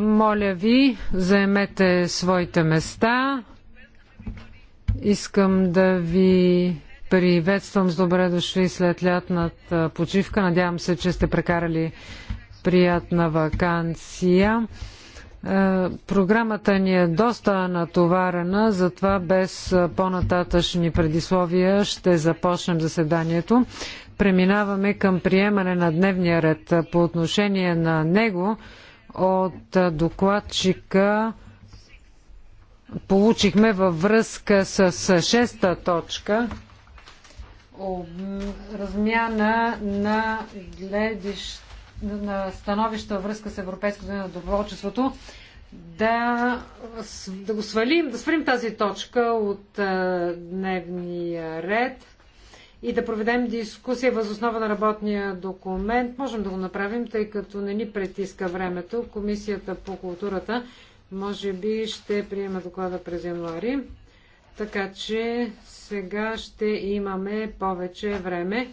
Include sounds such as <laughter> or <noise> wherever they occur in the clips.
Моля ви, заемете своите места. Искам да ви приветствам с добре дошли след лятната почивка. Надявам се, че сте прекарали приятна вакансия. Програмата ни е доста натоварена, затова без по-нататъчни предисловия ще започнем заседанието преминаваме към приемане на дневния ред. По отношение на него от докладчика получихме във връзка с шеста точка размяна на гледищ на становища във връзка с Европейското на доброволчеството да, да го свалим, да сприм тази точка от дневния ред и да проведем дискусия въз основа на работния документ. Можем да го направим, тъй като не ни притиска времето. Комисията по културата може би ще приема доклада през януари. Така че сега ще имаме повече време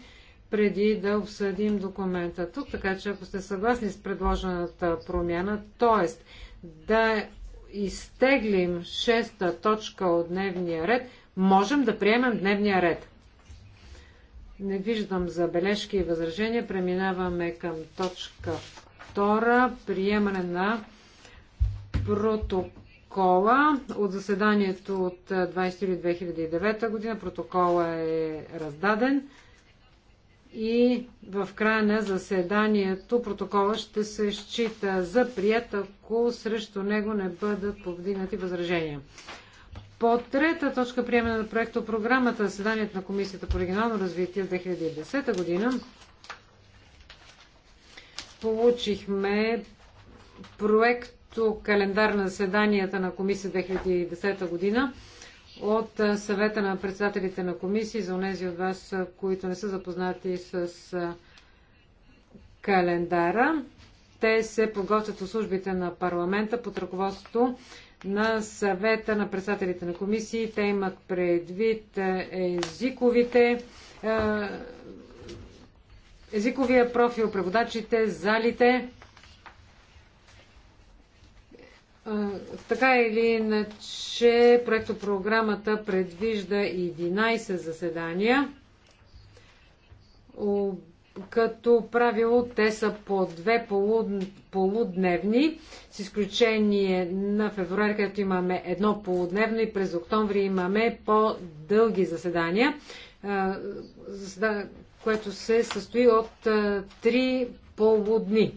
преди да обсъдим документа тук. Така че ако сте съгласни с предложената промяна, т.е. да изтеглим шеста точка от дневния ред, можем да приемем дневния ред. Не виждам забележки и възражения. Преминаваме към точка 2. Приемане на протокола от заседанието от 20.2009 2009 година. Протокола е раздаден и в края на заседанието протокола ще се счита за прият, ако срещу него не бъдат повдигнати възражения. По трета точка приемане на проекта програмата заседанието на Комисията по регионално развитие в 2010 година получихме проекто календар на заседанията на Комисия 2010 година от съвета на председателите на комисии за онези от вас, които не са запознати с календара. Те се подготвят от службите на парламента под ръководството на съвета на председателите на комисии. Те имат предвид е, езиковите е, езиковия профил, преводачите, залите. Е, така или иначе, проектопрограмата предвижда 11 заседания. Като правило те са по две полудневни, с изключение на февруари, където имаме едно полудневно и през октомври имаме по-дълги заседания, което се състои от три полудни.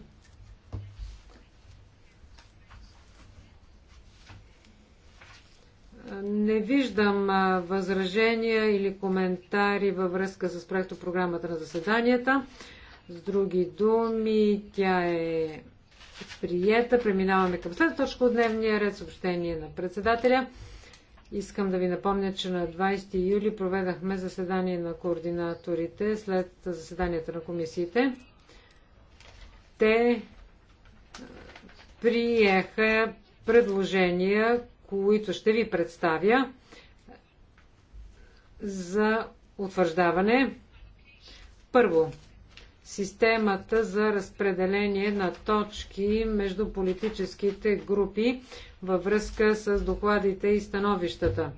Не виждам възражения или коментари във връзка с проектопрограмата на заседанията. С други думи, тя е приета. Преминаваме към след точка от дневния ред съобщение на председателя. Искам да ви напомня, че на 20 юли проведахме заседание на координаторите след заседанията на комисиите. Те приеха предложения, които ще ви представя за утвърждаване. Първо, системата за разпределение на точки между политическите групи във връзка с докладите и становищата.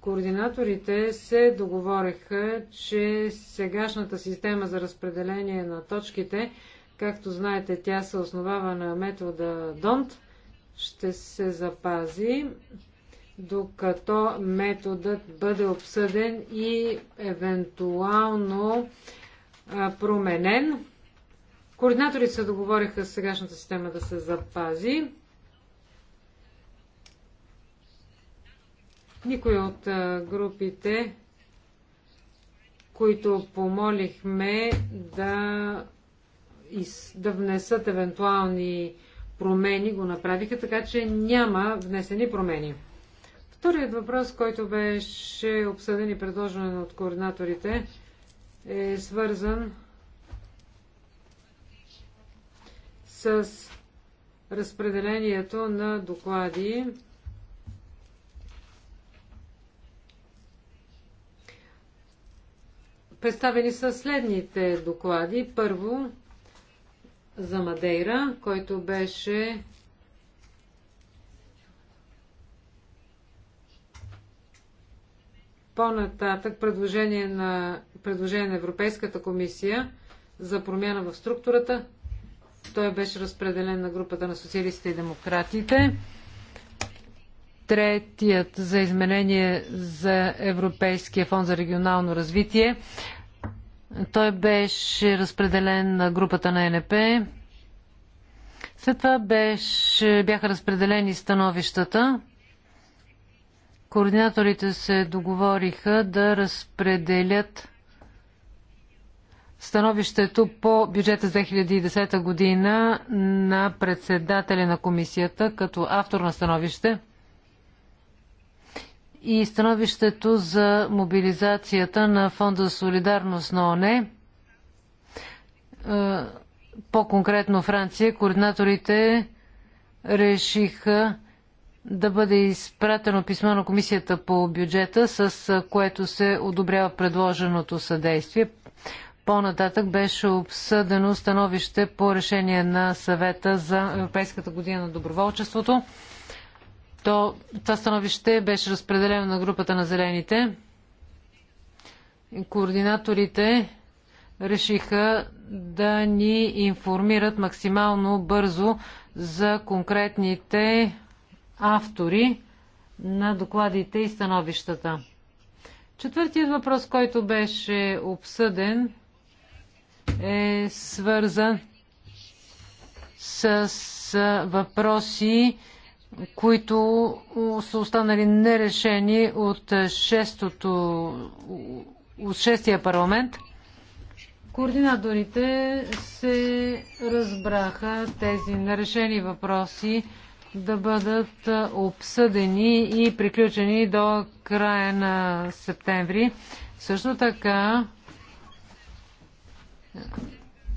Координаторите се договореха, че сегашната система за разпределение на точките, както знаете, тя се основава на метода ДОНТ – ще се запази, докато методът бъде обсъден и евентуално променен. Координаторите се договориха с сегашната система да се запази. Никой от групите, които помолихме да, из, да внесат евентуални промени го направиха, така че няма внесени промени. Вторият въпрос, който беше обсъден и предложен от координаторите, е свързан с разпределението на доклади Представени са следните доклади. Първо, за Мадейра, който беше по-нататък предложение на, предложение на Европейската комисия за промяна в структурата. Той беше разпределен на групата на социалистите и демократите. Третият за изменение за Европейския фонд за регионално развитие той беше разпределен на групата на НП. След това беше, бяха разпределени становищата. Координаторите се договориха да разпределят становището по бюджета за 2010 година на председателя на комисията като автор на становище – и становището за мобилизацията на Фонда за солидарност на ОНЕ. Е, по-конкретно Франция, координаторите решиха да бъде изпратено писмо на Комисията по бюджета, с което се одобрява предложеното съдействие. По-нататък беше обсъдено становище по решение на съвета за Европейската година на доброволчеството. То, това становище беше разпределено на групата на зелените. Координаторите решиха да ни информират максимално бързо за конкретните автори на докладите и становищата. Четвъртият въпрос, който беше обсъден, е свързан с въпроси, които са останали нерешени от, шестото, от шестия парламент. Координаторите се разбраха тези нерешени въпроси да бъдат обсъдени и приключени до края на септември. Също така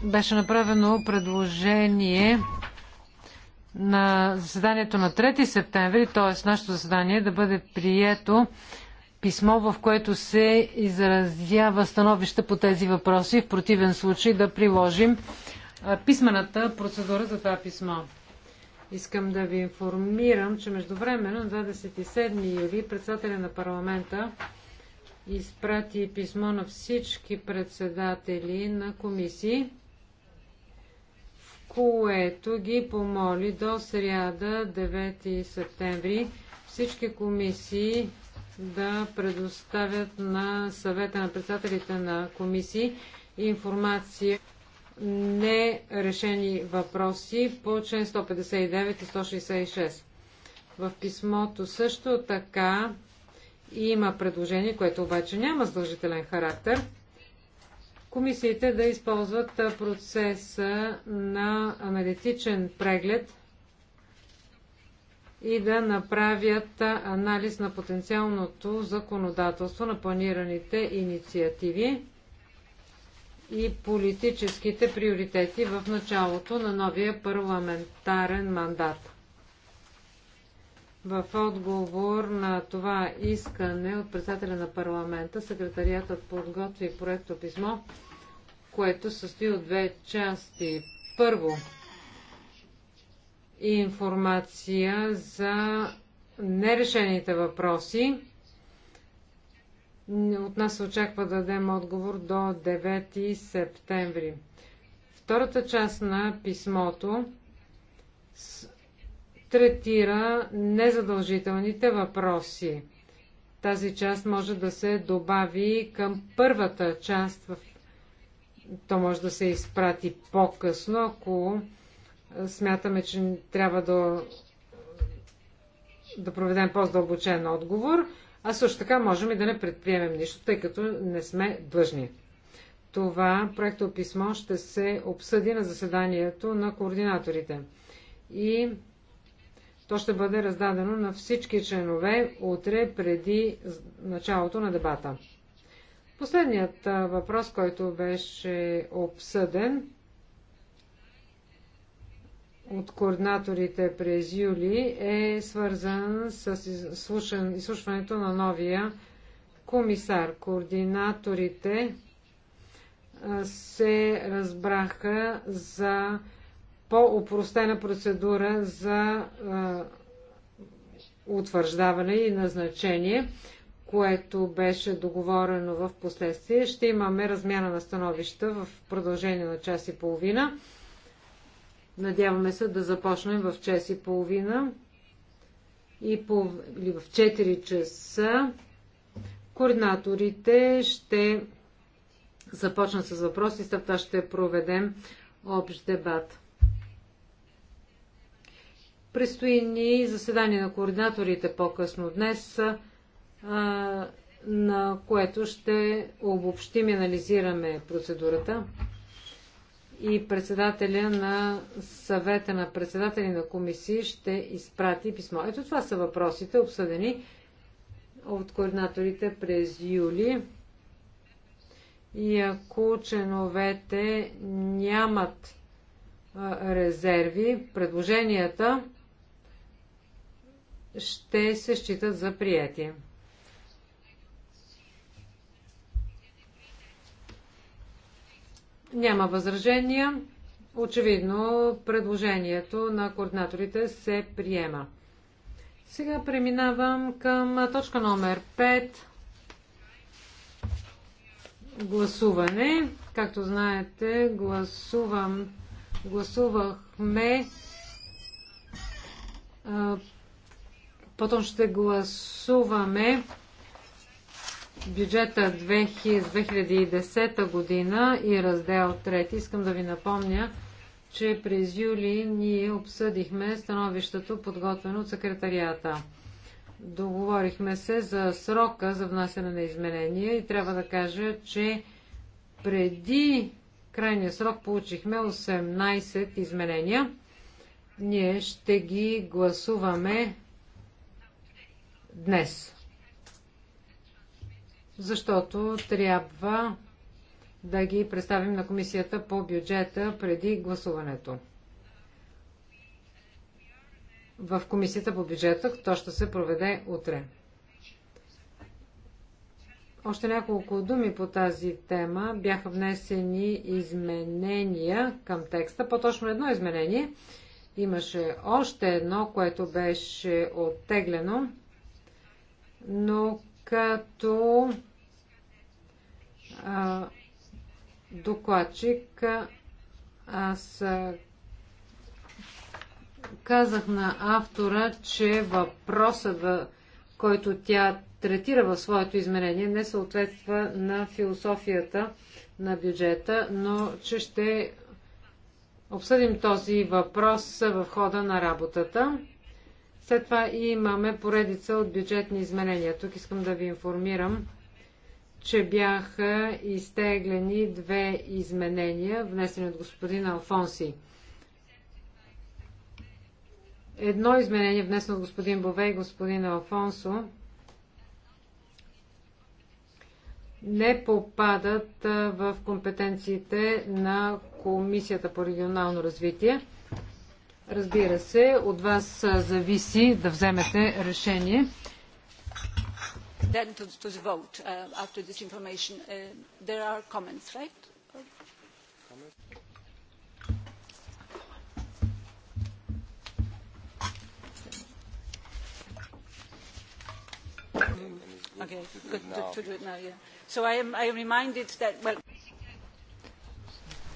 беше направено предложение на заседанието на 3 септември, т.е. нашето заседание, да бъде прието писмо, в което се изразява становище по тези въпроси. В противен случай да приложим писмената процедура за това писмо. Искам да ви информирам, че междувременно на 27 юли председателя на парламента изпрати писмо на всички председатели на комисии което ги помоли до сряда 9 септември всички комисии да предоставят на съвета на председателите на комисии информация не решени въпроси по член 159 и 166. В писмото също така има предложение, което обаче няма задължителен характер комисиите да използват процеса на аналитичен преглед и да направят анализ на потенциалното законодателство на планираните инициативи и политическите приоритети в началото на новия парламентарен мандат. В отговор на това искане от председателя на парламента, секретариатът подготви проекто писмо което състои от две части. Първо, информация за нерешените въпроси. От нас се очаква да дадем отговор до 9 септември. Втората част на писмото третира незадължителните въпроси. Тази част може да се добави към първата част в то може да се изпрати по-късно, ако смятаме, че трябва да, да проведем по-здълбочен отговор, а също така можем и да не предприемем нищо, тъй като не сме длъжни. Това проекто писмо ще се обсъди на заседанието на координаторите. И то ще бъде раздадено на всички членове утре преди началото на дебата. Последният въпрос, който беше обсъден от координаторите през юли, е свързан с изслушването на новия комисар. Координаторите се разбраха за по-опростена процедура за утвърждаване и назначение което беше договорено в последствие. Ще имаме размяна на становища в продължение на час и половина. Надяваме се да започнем в час и половина и по, или в 4 часа. Координаторите ще започнат с въпроси, след това ще проведем общ дебат. Предстои ни заседание на координаторите по-късно днес на което ще обобщим и анализираме процедурата. И председателя на съвета на председатели на комисии ще изпрати писмо. Ето това са въпросите, обсъдени от координаторите през юли. И ако членовете нямат резерви, предложенията ще се считат за приятие. Няма възражения. Очевидно, предложението на координаторите се приема. Сега преминавам към точка номер 5. Гласуване. Както знаете, гласувам, гласувахме потом ще гласуваме бюджета 2010 година и раздел 3. Искам да ви напомня, че през юли ние обсъдихме становището, подготвено от секретарията. Договорихме се за срока за внасяне на изменения и трябва да кажа, че преди крайния срок получихме 18 изменения. Ние ще ги гласуваме днес защото трябва да ги представим на комисията по бюджета преди гласуването. В комисията по бюджета то ще се проведе утре. Още няколко думи по тази тема. Бяха внесени изменения към текста, по-точно едно изменение. Имаше още едно, което беше оттеглено, но като а, докладчик аз казах на автора, че въпросът, който тя третира в своето измерение, не съответства на философията на бюджета, но че ще обсъдим този въпрос в хода на работата. След това имаме поредица от бюджетни изменения. Тук искам да ви информирам, че бяха изтеглени две изменения, внесени от господин Алфонси. Едно изменение, внесено от господин Бове и господин Алфонсо, не попадат в компетенциите на Комисията по регионално развитие. Разбира се, от вас зависи да вземете решение. Then to, to the vote uh, after this information. Uh, there are comments, right? Okay, good to, to do it now, yeah. So I am, I am reminded that, well...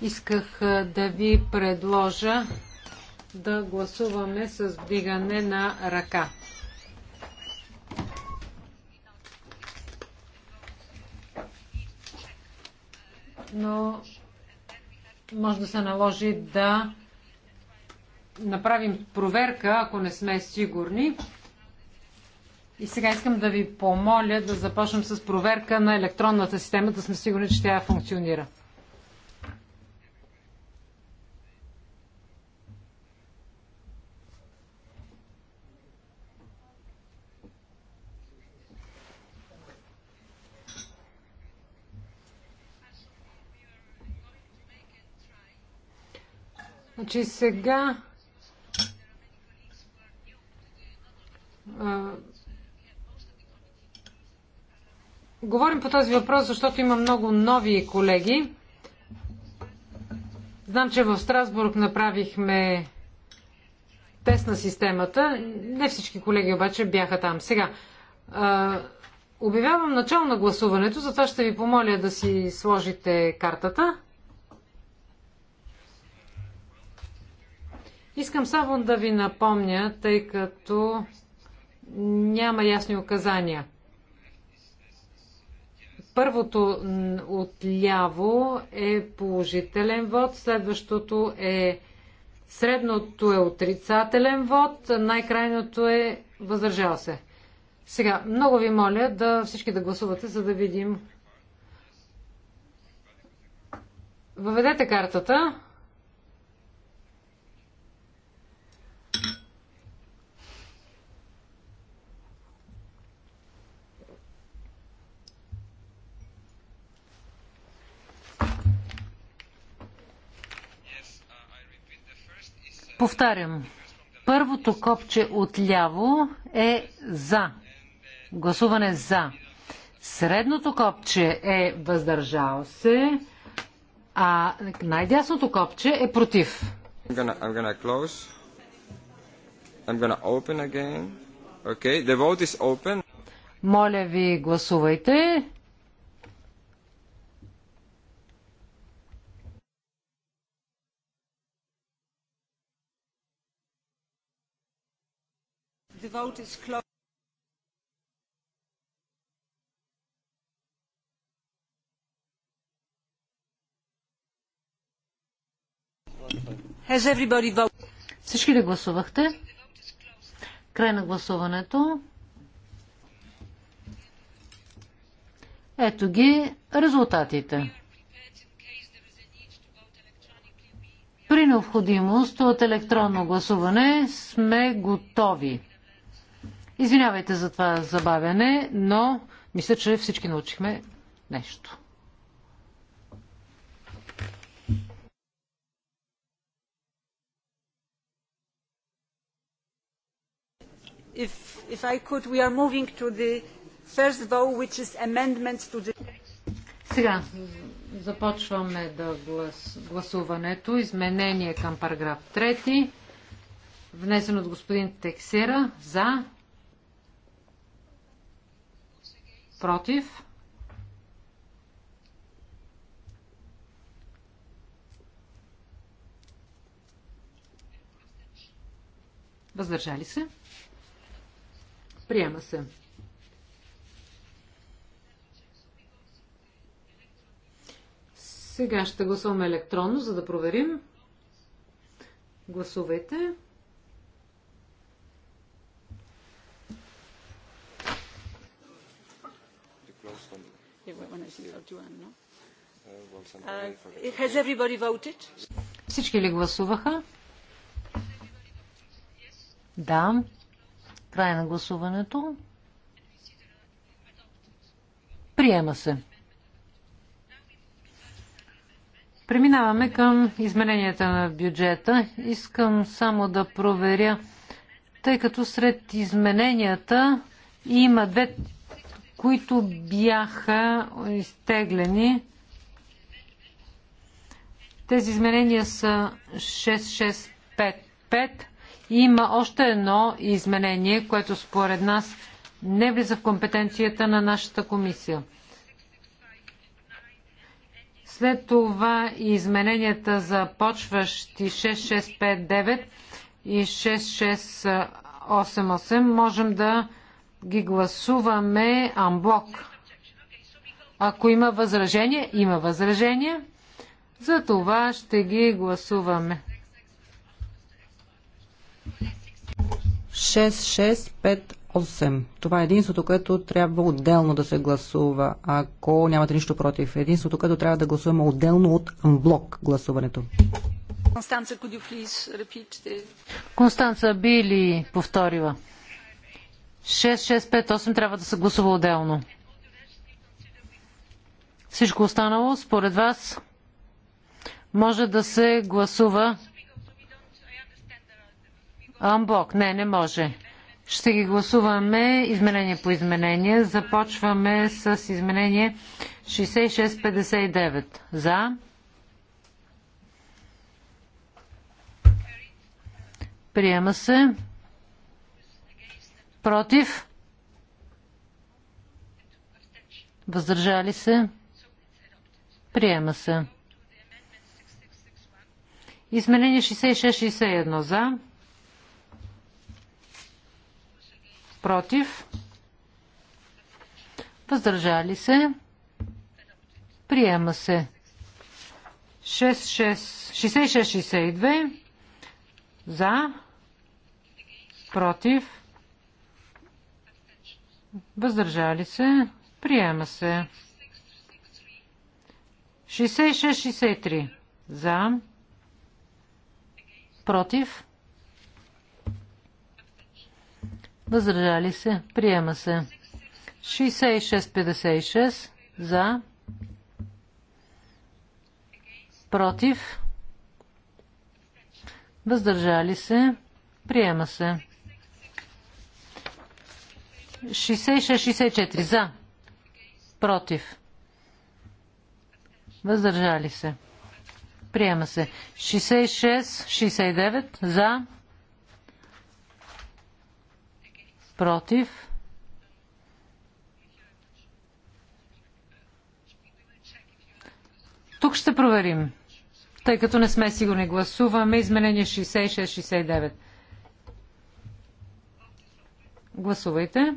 Исках да ви предложа да гласуваме с вдигане на ръка. Но може да се наложи да направим проверка, ако не сме сигурни. И сега искам да ви помоля да започнем с проверка на електронната система, да сме сигурни, че тя функционира. че сега а, говорим по този въпрос, защото има много нови колеги. Знам, че в Страсбург направихме тест на системата. Не всички колеги обаче бяха там. Сега, а, обявявам начало на гласуването, затова ще ви помоля да си сложите картата. Искам само да ви напомня, тъй като няма ясни указания. Първото отляво е положителен вод, следващото е средното е отрицателен вод, най-крайното е възражал се. Сега, много ви моля да всички да гласувате, за да видим. Въведете картата. Повтарям. Първото копче отляво е за. Гласуване за. Средното копче е въздържал се, а най-дясното копче е против. I'm gonna, I'm gonna close. I'm gonna open again. Okay, the vote is open. Моля ви, гласувайте. The vote is closed. Has everybody voted? Всички ли гласувахте? Край на гласуването. Ето ги резултатите. При необходимост от електронно гласуване сме готови. Извинявайте за това забавяне, но мисля, че всички научихме нещо. If, if I could, we are moving to the first vote, which is amendments to the... Сега започваме да глас, гласуването. Изменение към параграф 3. Внесен от господин Тексера. За. Против. Въздържали се. Приема се. Сега ще гласуваме електронно, за да проверим. Гласувайте. Всички ли гласуваха? Да. Край на гласуването. Приема се. Преминаваме към измененията на бюджета. Искам само да проверя, тъй като сред измененията има две които бяха изтеглени. Тези изменения са 6655. Има още едно изменение, което според нас не влиза в компетенцията на нашата комисия. След това измененията за почващи 6659 и 6688 можем да ги гласуваме амблок. Ако има възражение, има възражение. За това ще ги гласуваме. 6658. Това е единството, което трябва отделно да се гласува, ако нямате нищо против. Единството, което трябва да гласуваме отделно от блок гласуването. Констанца, Констанца би ли повторила? 6658 трябва да се гласува отделно. Всичко останало, според вас, може да се гласува Амбок, Не, не може. Ще ги гласуваме изменение по изменение. Започваме с изменение 6659. За. Приема се. Против? Въздържали се? Приема се. Изменение 66-61 за. Против? Въздържали се? Приема се. 66-62 за. Против? Въздържали се. Приема се. 66-63. За. Против. Въздържали се. Приема се. 66-56. За. Против. Въздържали се. Приема се. 66-64 за. Против. Въздържали се. Приема се. 66-69 за. Против. Тук ще проверим, тъй като не сме сигурни. Гласуваме изменение 66-69. Гласувайте.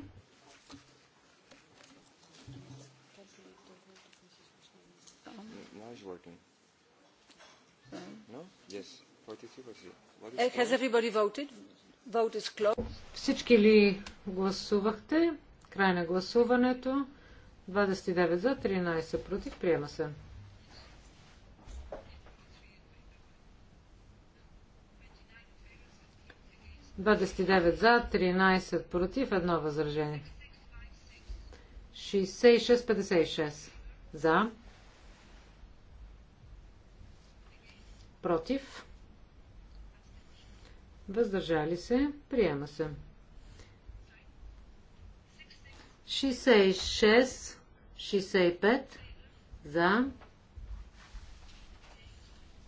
Е, Всички ли гласувахте? Край на гласуването. 29 за, 13 против. Приема се. Двадесет за, 13 против, едно възражение. 66-56 за, против. Въздържали се. Приема се. 66, 65 за,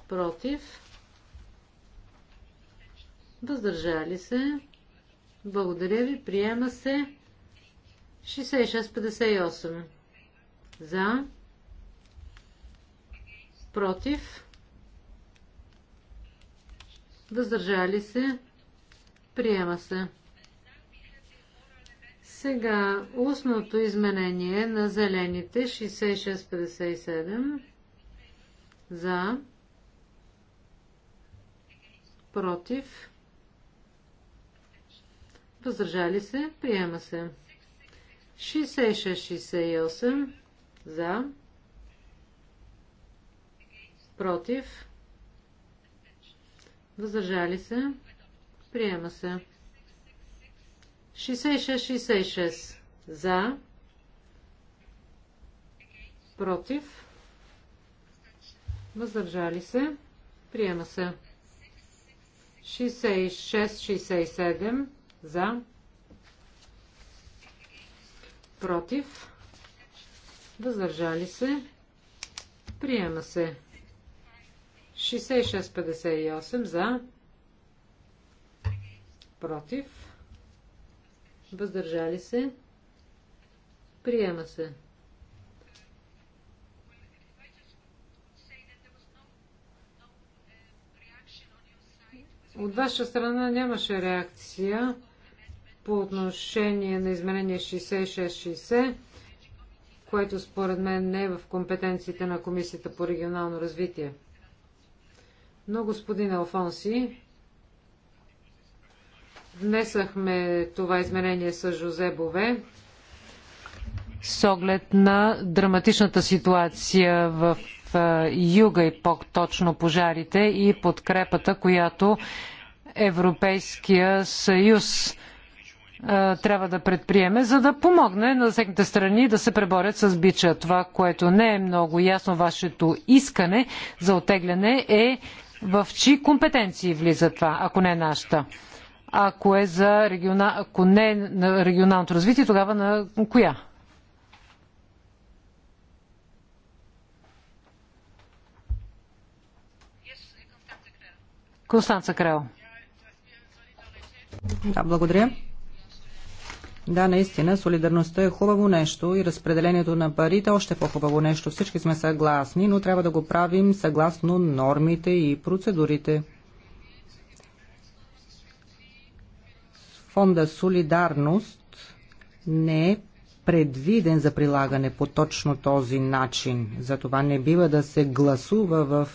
против, въздържали се. Благодаря ви. Приема се 66-58 за, против, Въздържали се. Приема се. Сега устното изменение на зелените 6657 за против въздържали се, приема се 6668 за против Въздържали се. Приема се. 66-66. За. Против. Въздържали се. Приема се. 66-67. За. Против. Въздържали се. Приема се. 6658 за. Против. Въздържали се. Приема се. От ваша страна нямаше реакция по отношение на изменение 6660, което според мен не е в компетенциите на Комисията по регионално развитие. Но, господин Алфонси, внесахме това изменение с Жозе Бове с оглед на драматичната ситуация в юга и по-точно пожарите и подкрепата, която Европейския съюз трябва да предприеме, за да помогне на всеките страни да се преборят с бича. Това, което не е много ясно, вашето искане за отегляне е в чии компетенции влиза това, ако не е нашата? Ако, е за региона... ако не е на регионалното развитие, тогава на коя? Констанца Крел. Да, благодаря. Да, наистина, солидарността е хубаво нещо и разпределението на парите е още по-хубаво нещо. Всички сме съгласни, но трябва да го правим съгласно нормите и процедурите. Фонда Солидарност не е предвиден за прилагане по точно този начин. Затова не бива да се гласува в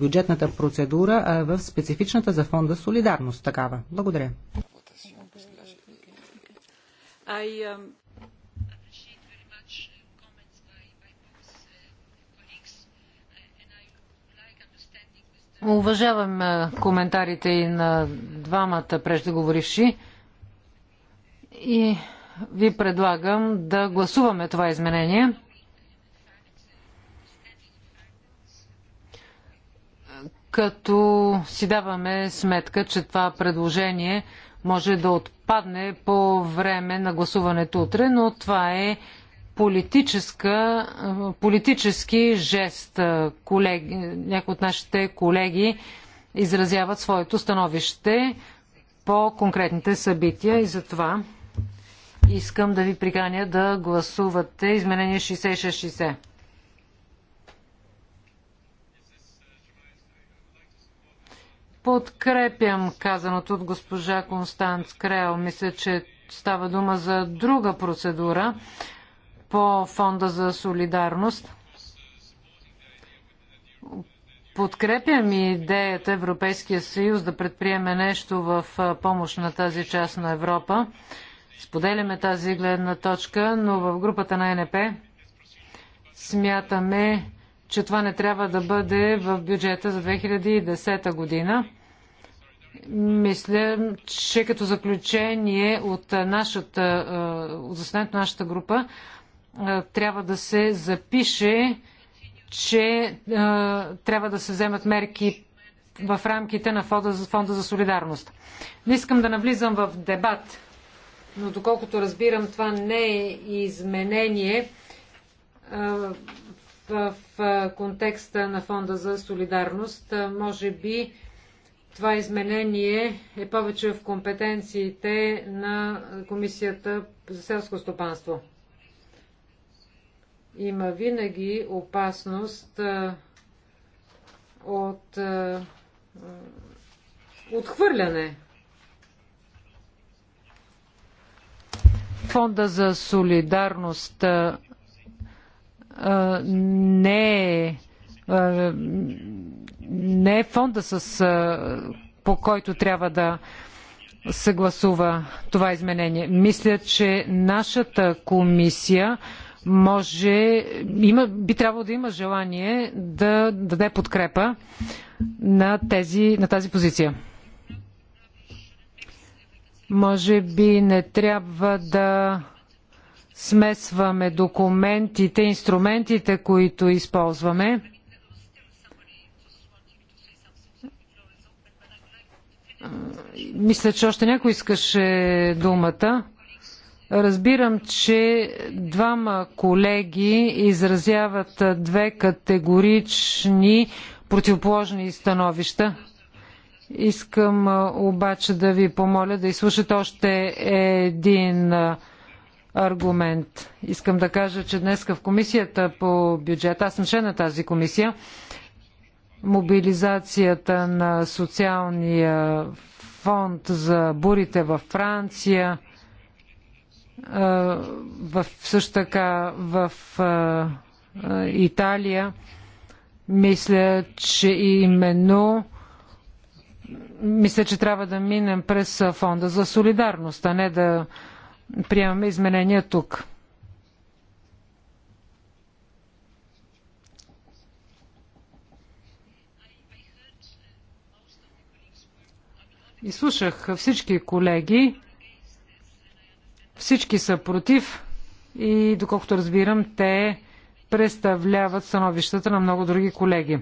бюджетната процедура, а в специфичната за фонда Солидарност такава. Благодаря. I, um... Уважавам коментарите и на двамата преждеговоривши и ви предлагам да гласуваме това изменение. като си даваме сметка, че това предложение може да отпадне по време на гласуването утре, но това е политически жест. Колеги, някои от нашите колеги изразяват своето становище по конкретните събития и затова искам да ви приканя да гласувате изменение 6660. Подкрепям казаното от госпожа Констанц Крел. Мисля, че става дума за друга процедура по Фонда за солидарност. Подкрепям и идеята Европейския съюз да предприеме нещо в помощ на тази част на Европа. Споделяме тази гледна точка, но в групата на НП смятаме, че това не трябва да бъде в бюджета за 2010 година. Мисля, че като заключение от, нашата, от заседанието на нашата група трябва да се запише, че трябва да се вземат мерки в рамките на фонда за, фонда за солидарност. Не искам да навлизам в дебат, но доколкото разбирам, това не е изменение в контекста на фонда за солидарност. Може би това изменение е повече в компетенциите на Комисията за селско стопанство. Има винаги опасност от отхвърляне. Фонда за солидарност не е не е фонда, с, по който трябва да съгласува това изменение. Мисля, че нашата комисия може, има, би трябвало да има желание да даде подкрепа на, тези, на тази позиция. Може би не трябва да смесваме документите, инструментите, които използваме Мисля, че още някой искаше думата. Разбирам, че двама колеги изразяват две категорични противоположни становища. Искам обаче да ви помоля да изслушате още един аргумент. Искам да кажа, че днес в комисията по бюджет, аз съм член на тази комисия, мобилизацията на социалния фонд за бурите във Франция, в, също така в Италия. Мисля, че именно мисля, че трябва да минем през фонда за солидарност, а не да приемаме изменения тук. Изслушах всички колеги. Всички са против и доколкото разбирам, те представляват становищата на много други колеги.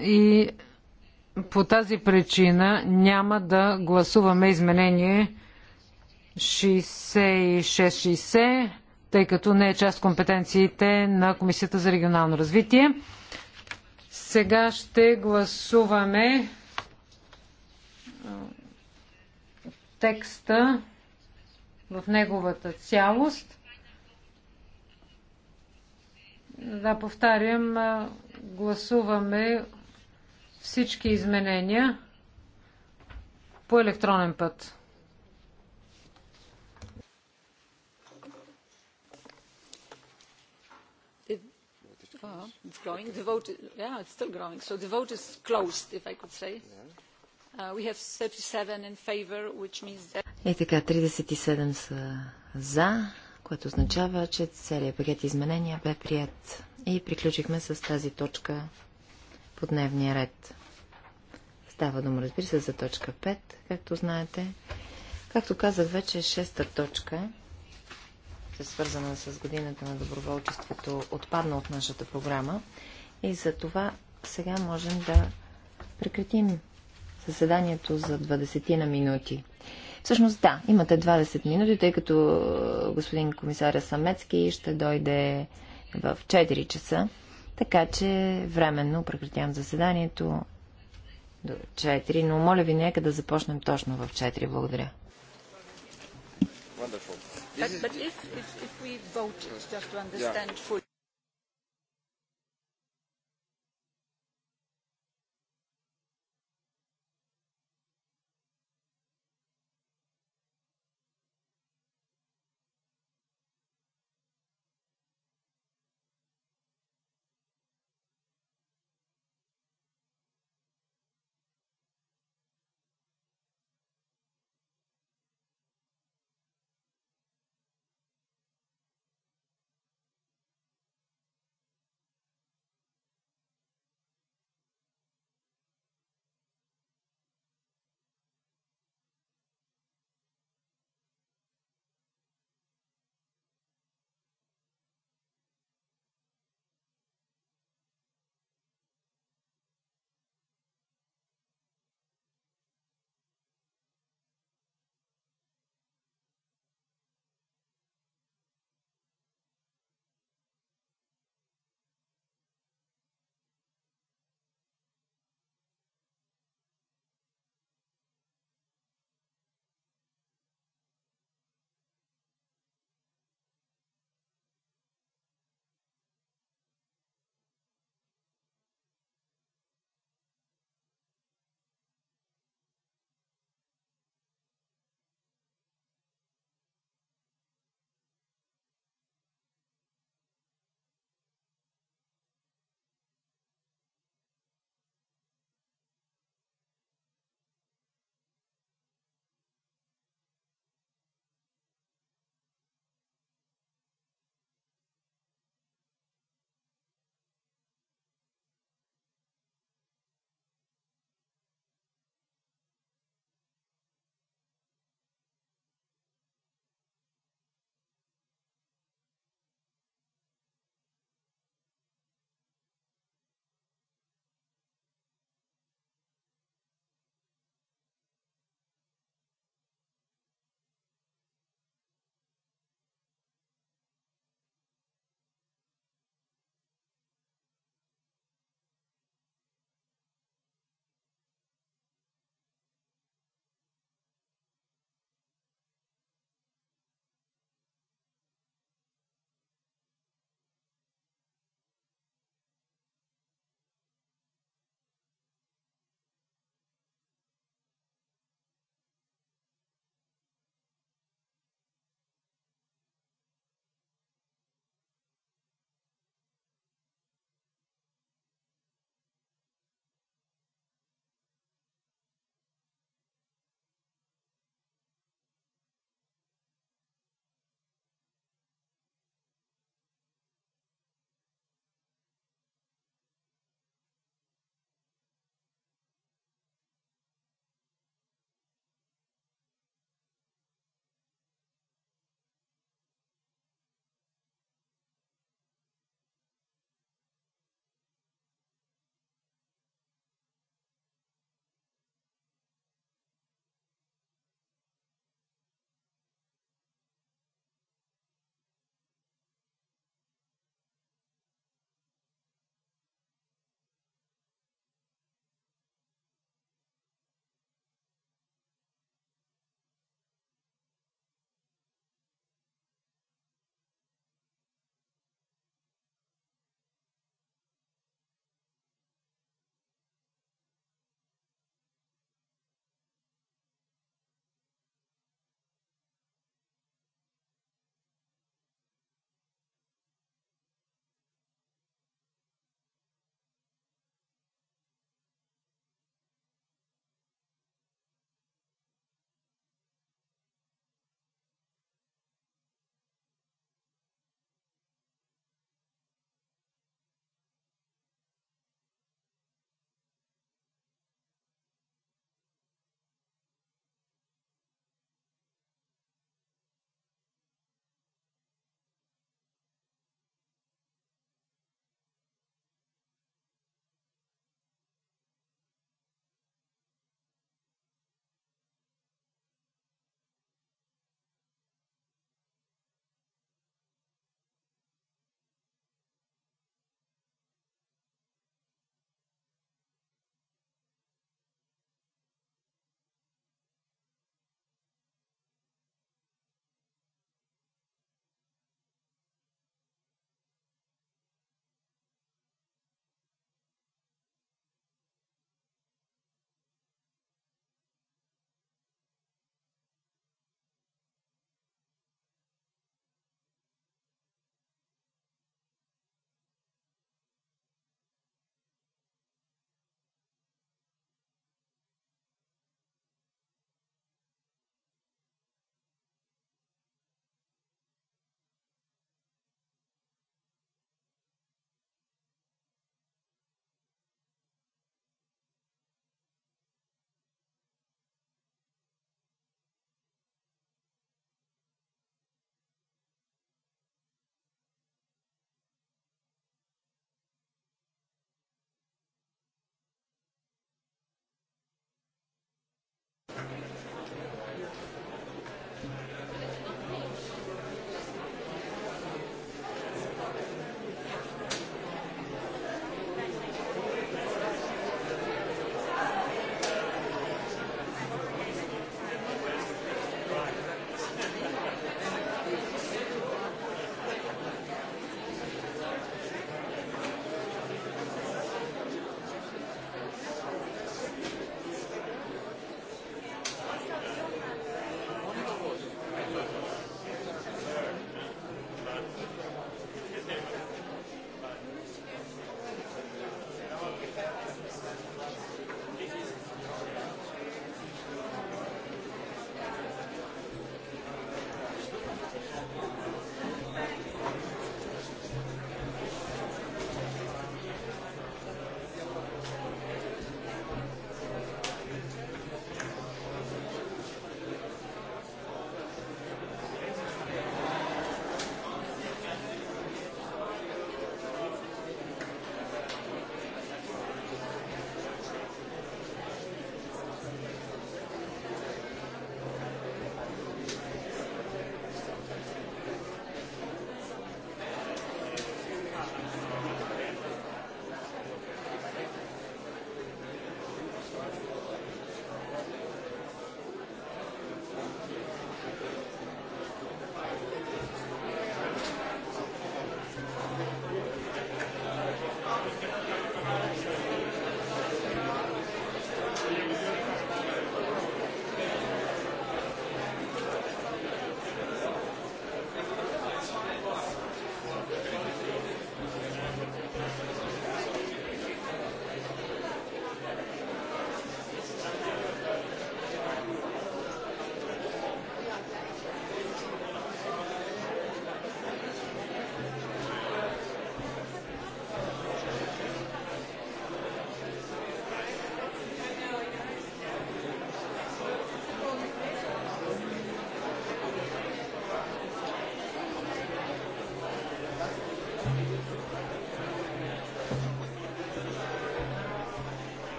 И по тази причина няма да гласуваме изменение 6660, тъй като не е част от компетенциите на Комисията за регионално развитие. Сега ще гласуваме текста в неговата цялост. Да, повтарям, гласуваме всички изменения по електронен път. It's growing. The vote, yeah, it's still growing. So the vote is closed, if I could say. Yeah. Uh, е така, 37 са за, което означава, че целият пакет изменения бе прият. И приключихме с тази точка по дневния ред. Става дума, разбира се, за точка 5, както знаете. Както казах вече, е шеста точка, е свързана с годината на доброволчеството, отпадна от нашата програма. И за това сега можем да прекратим заседанието за 20 на минути. Всъщност да, имате 20 минути, тъй като е, господин комисаря Самецки ще дойде в 4 часа. Така че временно прекратявам заседанието до 4, но моля ви нека да започнем точно в 4. Благодаря. But, but if, if, if we vote, just to understand yeah. fully.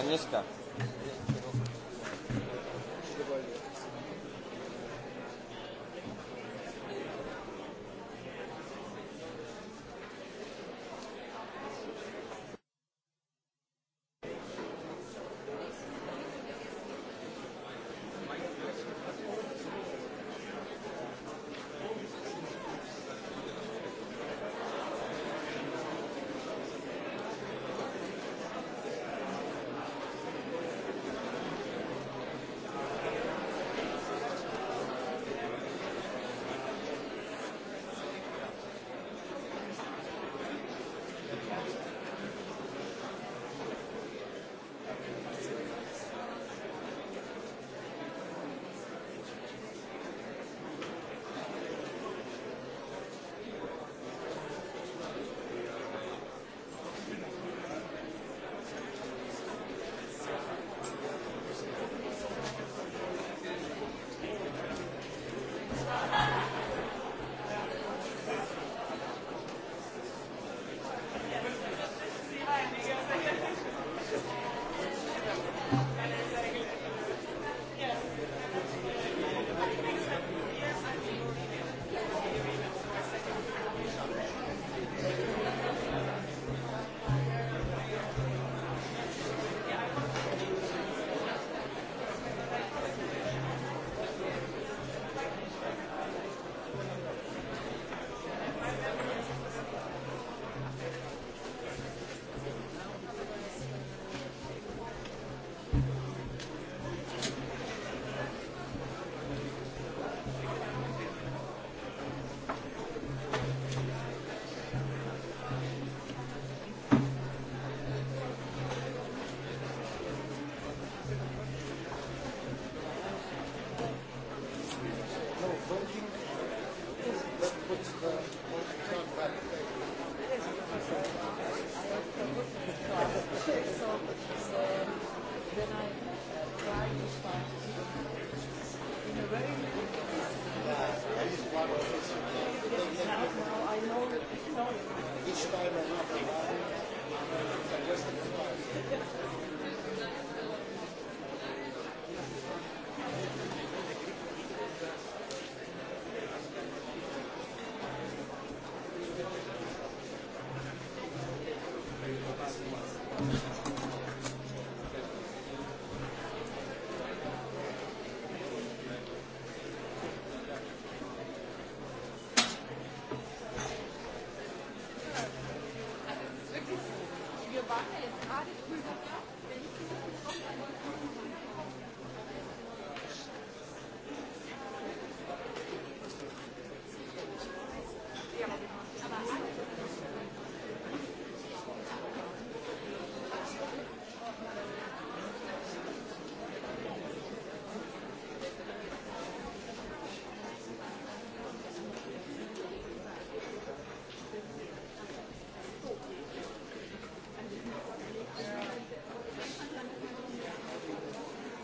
Agnieszka.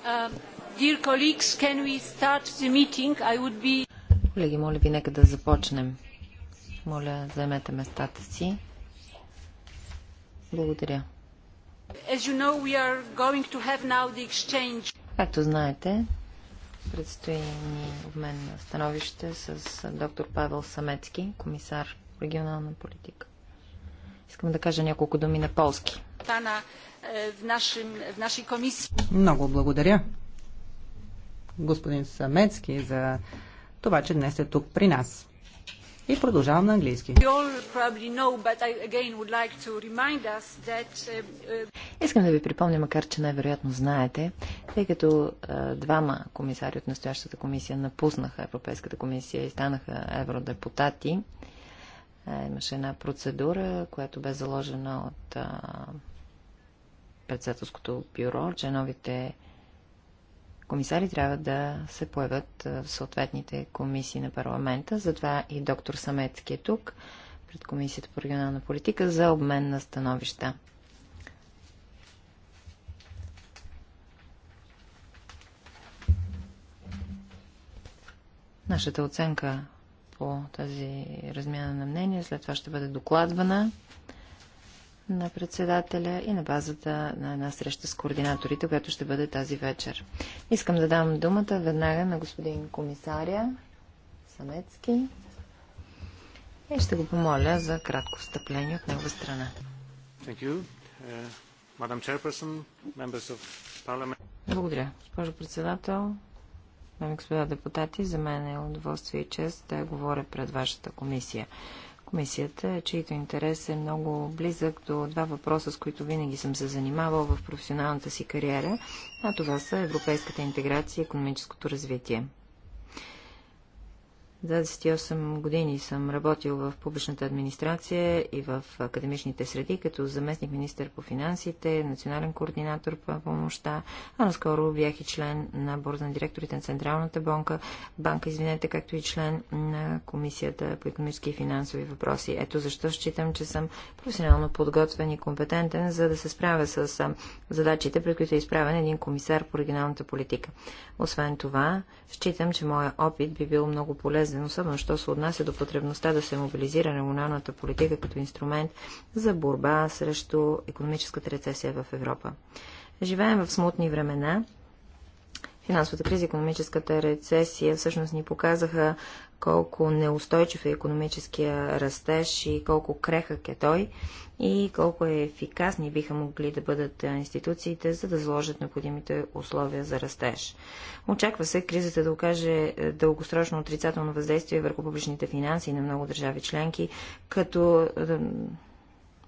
Um, Колеги, моля ви, нека да започнем. Моля, заемете местата си. Благодаря. You know, Както знаете, предстои ни обмен на становище с доктор Павел Самецки, комисар по регионална политика. Искам да кажа няколко думи на полски pana w, naszym, w naszej komisji. Много благодаря, господин Самецки, за това, че днес е тук при нас. И продължавам на английски. Е, е, Искам да ви припомня, макар че най-вероятно знаете, тъй като uh, двама комисари от настоящата комисия напуснаха Европейската комисия и станаха евродепутати, имаше една процедура, която бе заложена от председателското бюро, че новите комисари трябва да се появят в съответните комисии на парламента. Затова и доктор Самецки е тук пред Комисията по регионална политика за обмен на становища. Нашата оценка по тази размяна на мнение след това ще бъде докладвана на председателя и на базата на една среща с координаторите, която ще бъде тази вечер. Искам да дам думата веднага на господин комисаря Самецки и ще го помоля за кратко встъпление от негова страна. Uh, Благодаря, госпожо председател, дами господа депутати. За мен е удоволствие и чест да говоря пред вашата комисия комисията, чийто интерес е много близък до два въпроса, с които винаги съм се занимавал в професионалната си кариера, а това са европейската интеграция и економическото развитие. 28 години съм работил в публичната администрация и в академичните среди, като заместник министър по финансите, национален координатор по помощта, а наскоро бях и член на борда на директорите на Централната банка, банка, извинете, както и член на Комисията по економически и финансови въпроси. Ето защо считам, че съм професионално подготвен и компетентен, за да се справя с задачите, пред които е изправен един комисар по регионалната политика. Освен това, считам, че моя опит би бил много полезен полезен, особено що се отнася до потребността да се мобилизира регионалната политика като инструмент за борба срещу економическата рецесия в Европа. Живеем в смутни времена. Финансовата криза, економическата рецесия всъщност ни показаха колко неустойчив е економическия растеж и колко крехък е той и колко е ефикасни биха могли да бъдат институциите, за да заложат необходимите условия за растеж. Очаква се кризата да окаже е, дългосрочно отрицателно въздействие върху публичните финанси на много държави членки, като е,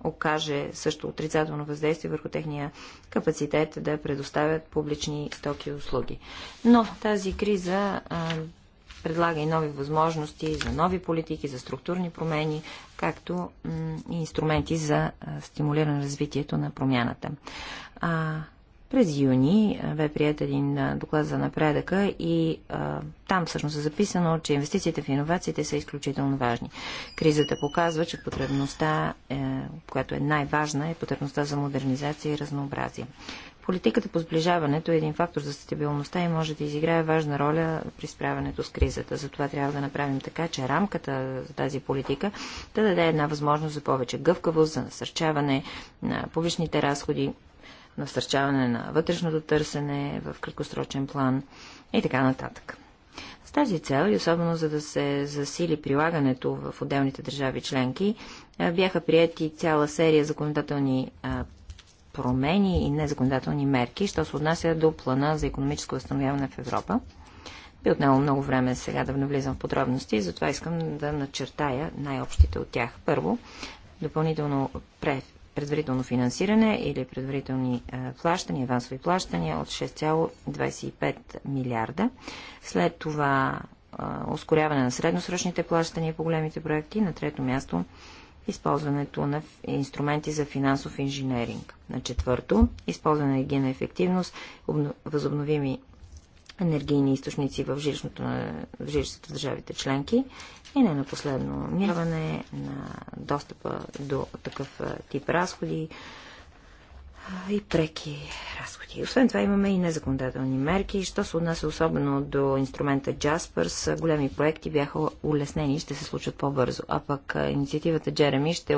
окаже също отрицателно въздействие върху техния капацитет да предоставят публични стоки и услуги. Но тази криза предлага и нови възможности за нови политики, за структурни промени, както и инструменти за стимулиране развитието на промяната. през юни бе прият един доклад за напредъка и а, там всъщност е записано, че инвестициите в иновациите са изключително важни. Кризата показва, че потребността, е, която е най-важна, е потребността за модернизация и разнообразие. Политиката по сближаването е един фактор за стабилността и може да изиграе важна роля при справянето с кризата. Затова трябва да направим така, че рамката за тази политика да даде една възможност за повече гъвкавост, за насърчаване на публичните разходи, насърчаване на вътрешното търсене в краткосрочен план и така нататък. С тази цел и особено за да се засили прилагането в отделните държави членки, бяха прияти цяла серия законодателни промени и незаконодателни мерки, що се отнася до плана за економическо възстановяване в Европа. Би отнело много време сега да навлизам в подробности, затова искам да начертая най-общите от тях. Първо, допълнително предварително финансиране или предварителни плащания, авансови плащания от 6,25 милиарда. След това ускоряване на средносрочните плащания по големите проекти. На трето място използването на инструменти за финансов инженеринг. На четвърто, използване на енергийна ефективност, възобновими енергийни източници в жилищното на, в жилищата в държавите членки и не на последно няване на достъпа до такъв тип разходи, и преки разходи. Освен това имаме и незаконодателни мерки. Що се отнася особено до инструмента Jaspers, големи проекти бяха улеснени и ще се случат по-бързо. А пък инициативата Джереми ще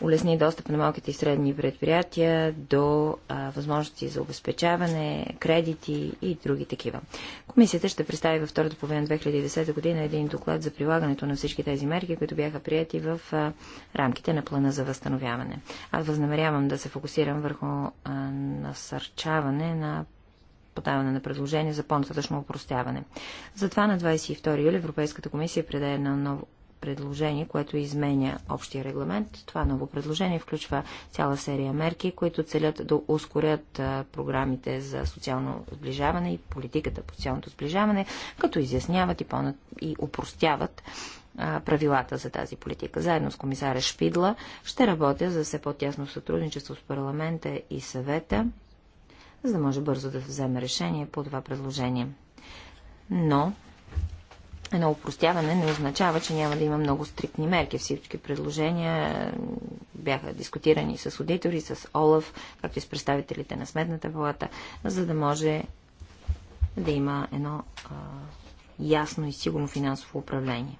улесни достъп на малките и средни предприятия до а, възможности за обезпечаване, кредити и други такива. Комисията ще представи във втората половина 2010 година един доклад за прилагането на всички тези мерки, които бяха прияти в а, рамките на плана за възстановяване. Аз възнамерявам да се фокусирам върху а, насърчаване на подаване на предложение за по-нататъчно упростяване. Затова на 22 юли Европейската комисия предаде едно ново предложение, което изменя общия регламент. Това ново предложение включва цяла серия мерки, които целят да ускорят програмите за социално сближаване и политиката по социалното сближаване, като изясняват и, по- и упростяват правилата за тази политика. Заедно с комисаря Шпидла ще работя за все по-тясно сътрудничество с парламента и съвета, за да може бързо да вземе решение по това предложение. Но едно упростяване не означава, че няма да има много стриктни мерки. Всички предложения е, бяха дискутирани с аудитори, с ОЛАФ, както и с представителите на Сметната палата, за да може да има едно а, ясно и сигурно финансово управление.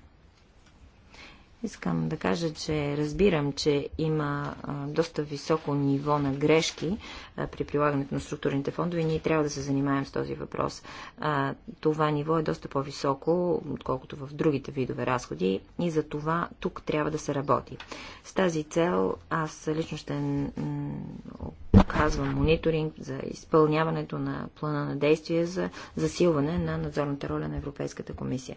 Искам да кажа, че разбирам, че има доста високо ниво на грешки при прилагането на структурните фондове и ние трябва да се занимаем с този въпрос. Това ниво е доста по-високо, отколкото в другите видове разходи и за това тук трябва да се работи. С тази цел аз лично ще оказвам мониторинг за изпълняването на плана на действие за засилване на надзорната роля на Европейската комисия.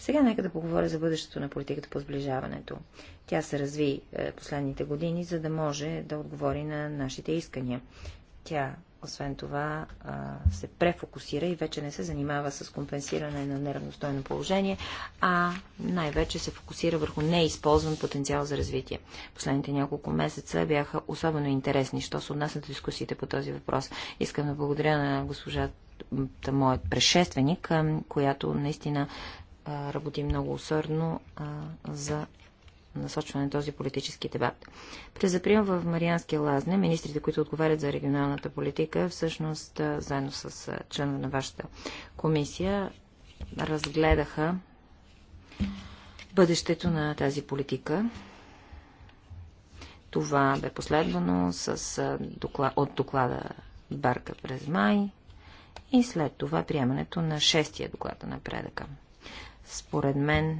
Сега нека да поговоря за бъдещето на политиката по сближаването. Тя се разви е, последните години, за да може да отговори на нашите искания. Тя, освен това, се префокусира и вече не се занимава с компенсиране на неравностойно положение, а най-вече се фокусира върху неизползван потенциал за развитие. Последните няколко месеца бяха особено интересни, що се отнасят дискусиите по този въпрос. Искам да благодаря на госпожа моят предшественик, която наистина работи много усърдно за насочване на този политически дебат. През април в Марианския лазне министрите, които отговарят за регионалната политика, всъщност заедно с члена на вашата комисия, разгледаха бъдещето на тази политика. Това бе последвано с доклад, от доклада Барка през май и след това приемането на шестия доклад на предъка. Според мен,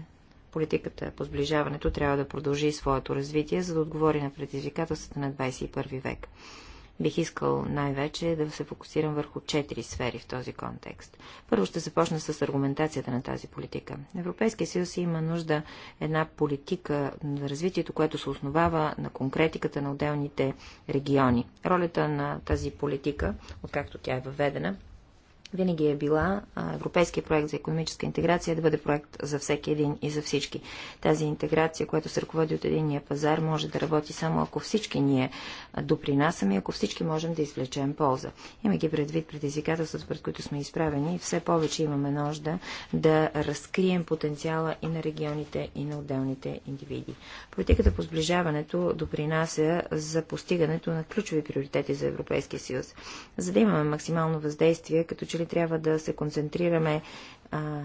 политиката по сближаването трябва да продължи своето развитие, за да отговори на предизвикателствата на 21 век. Бих искал най-вече да се фокусирам върху четири сфери в този контекст. Първо ще започна с аргументацията на тази политика. Европейския съюз има нужда една политика на развитието, което се основава на конкретиката на отделните региони. Ролята на тази политика, откакто тя е въведена, винаги е била европейския проект за економическа интеграция да бъде проект за всеки един и за всички. Тази интеграция, която се ръководи от единния пазар, може да работи само ако всички ние допринасяме и ако всички можем да извлечем полза. Имайки предвид предизвикателствата, пред които сме изправени, все повече имаме нужда да разкрием потенциала и на регионите, и на отделните индивиди. Политиката по сближаването допринася за постигането на ключови приоритети за Европейския съюз. За да имаме максимално въздействие, като че ли трябва да се концентрираме а,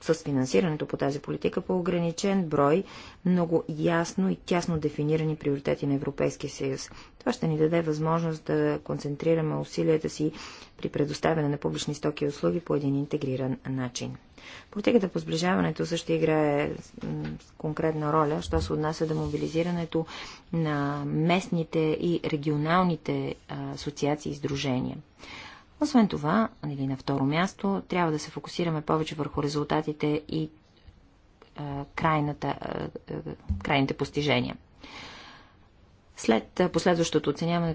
с финансирането по тази политика по ограничен брой, много ясно и тясно дефинирани приоритети на Европейския съюз. Това ще ни даде възможност да концентрираме усилията си при предоставяне на публични стоки и услуги по един интегриран начин. Политиката по сближаването също играе конкретна роля, що се отнася до мобилизирането на местните и регионалните асоциации и сдружения. Освен това, или нали, на второ място, трябва да се фокусираме повече върху резултатите и крайната, крайните постижения. След последващото оценяване,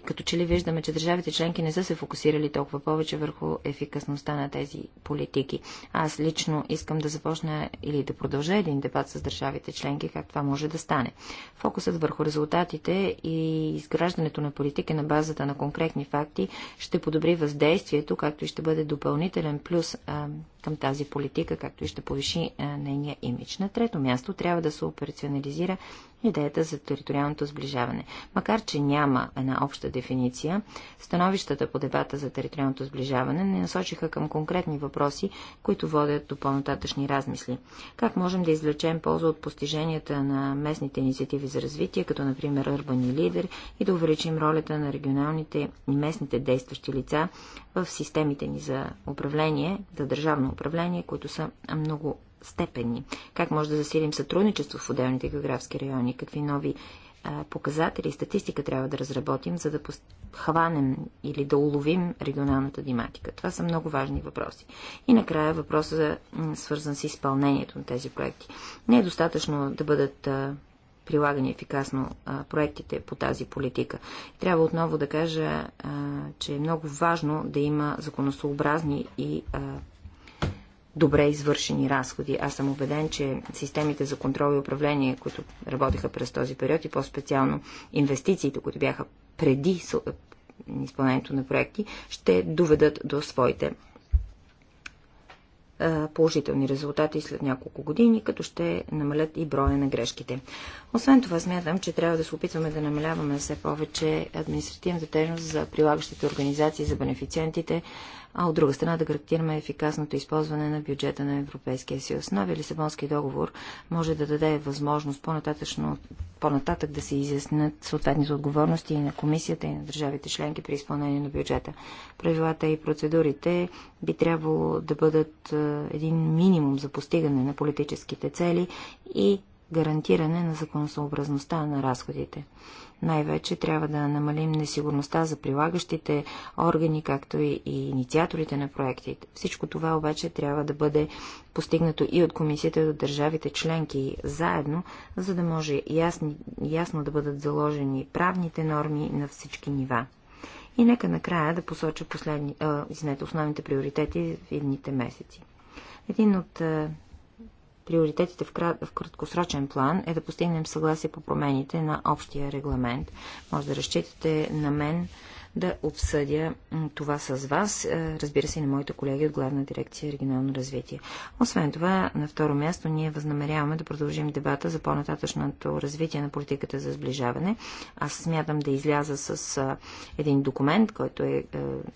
като че ли виждаме, че държавите членки не са се фокусирали толкова повече върху ефикасността на тези политики. Аз лично искам да започна или да продължа един дебат с държавите членки, как това може да стане. Фокусът върху резултатите и изграждането на политика на базата на конкретни факти ще подобри въздействието, както и ще бъде допълнителен плюс а, към тази политика, както и ще повиши е, нейния имидж. На трето място трябва да се операционализира идеята за териториалното сближаване. Макар, че няма една обща дефиниция, становищата по дебата за териториалното сближаване не насочиха към конкретни въпроси, които водят до по-нататъчни размисли. Как можем да извлечем полза от постиженията на местните инициативи за развитие, като например рбани Лидер, и да увеличим ролята на регионалните и местните действащи лица в системите ни за управление, за държавно управление, които са много степени. Как може да засилим сътрудничество в отделните географски райони? Какви нови показатели и статистика трябва да разработим, за да хванем или да уловим регионалната диматика. Това са много важни въпроси. И накрая въпросът е свързан с изпълнението на тези проекти. Не е достатъчно да бъдат прилагани ефикасно проектите по тази политика. Трябва отново да кажа, че е много важно да има законосообразни и добре извършени разходи. Аз съм убеден, че системите за контрол и управление, които работеха през този период и по-специално инвестициите, които бяха преди изпълнението на проекти, ще доведат до своите положителни резултати след няколко години, като ще намалят и броя на грешките. Освен това, смятам, че трябва да се опитваме да намаляваме все повече административната тежност за прилагащите организации, за бенефициентите, а от друга страна да гарантираме ефикасното използване на бюджета на Европейския съюз. Новия Лисабонски договор може да даде възможност по-нататъчно, по-нататък да се изяснят съответните отговорности и на комисията и на държавите членки при изпълнение на бюджета. Правилата и процедурите би трябвало да бъдат е, един минимум за постигане на политическите цели и гарантиране на законосъобразността на разходите. Най-вече трябва да намалим несигурността за прилагащите органи, както и, и инициаторите на проектите. Всичко това обаче трябва да бъде постигнато и от комисията и от държавите членки заедно, за да може ясни, ясно да бъдат заложени правните норми на всички нива. И нека накрая да посоча последни, а, извинете, основните приоритети в едните месеци. Един от а, Приоритетите в, в краткосрочен план е да постигнем съгласие по промените на общия регламент. Може да разчитате на мен да обсъдя това с вас, е, разбира се и на моите колеги от Главна дирекция регионално развитие. Освен това, на второ място, ние възнамеряваме да продължим дебата за по-нататъчното развитие на политиката за сближаване. Аз смятам да изляза с един документ, който е, е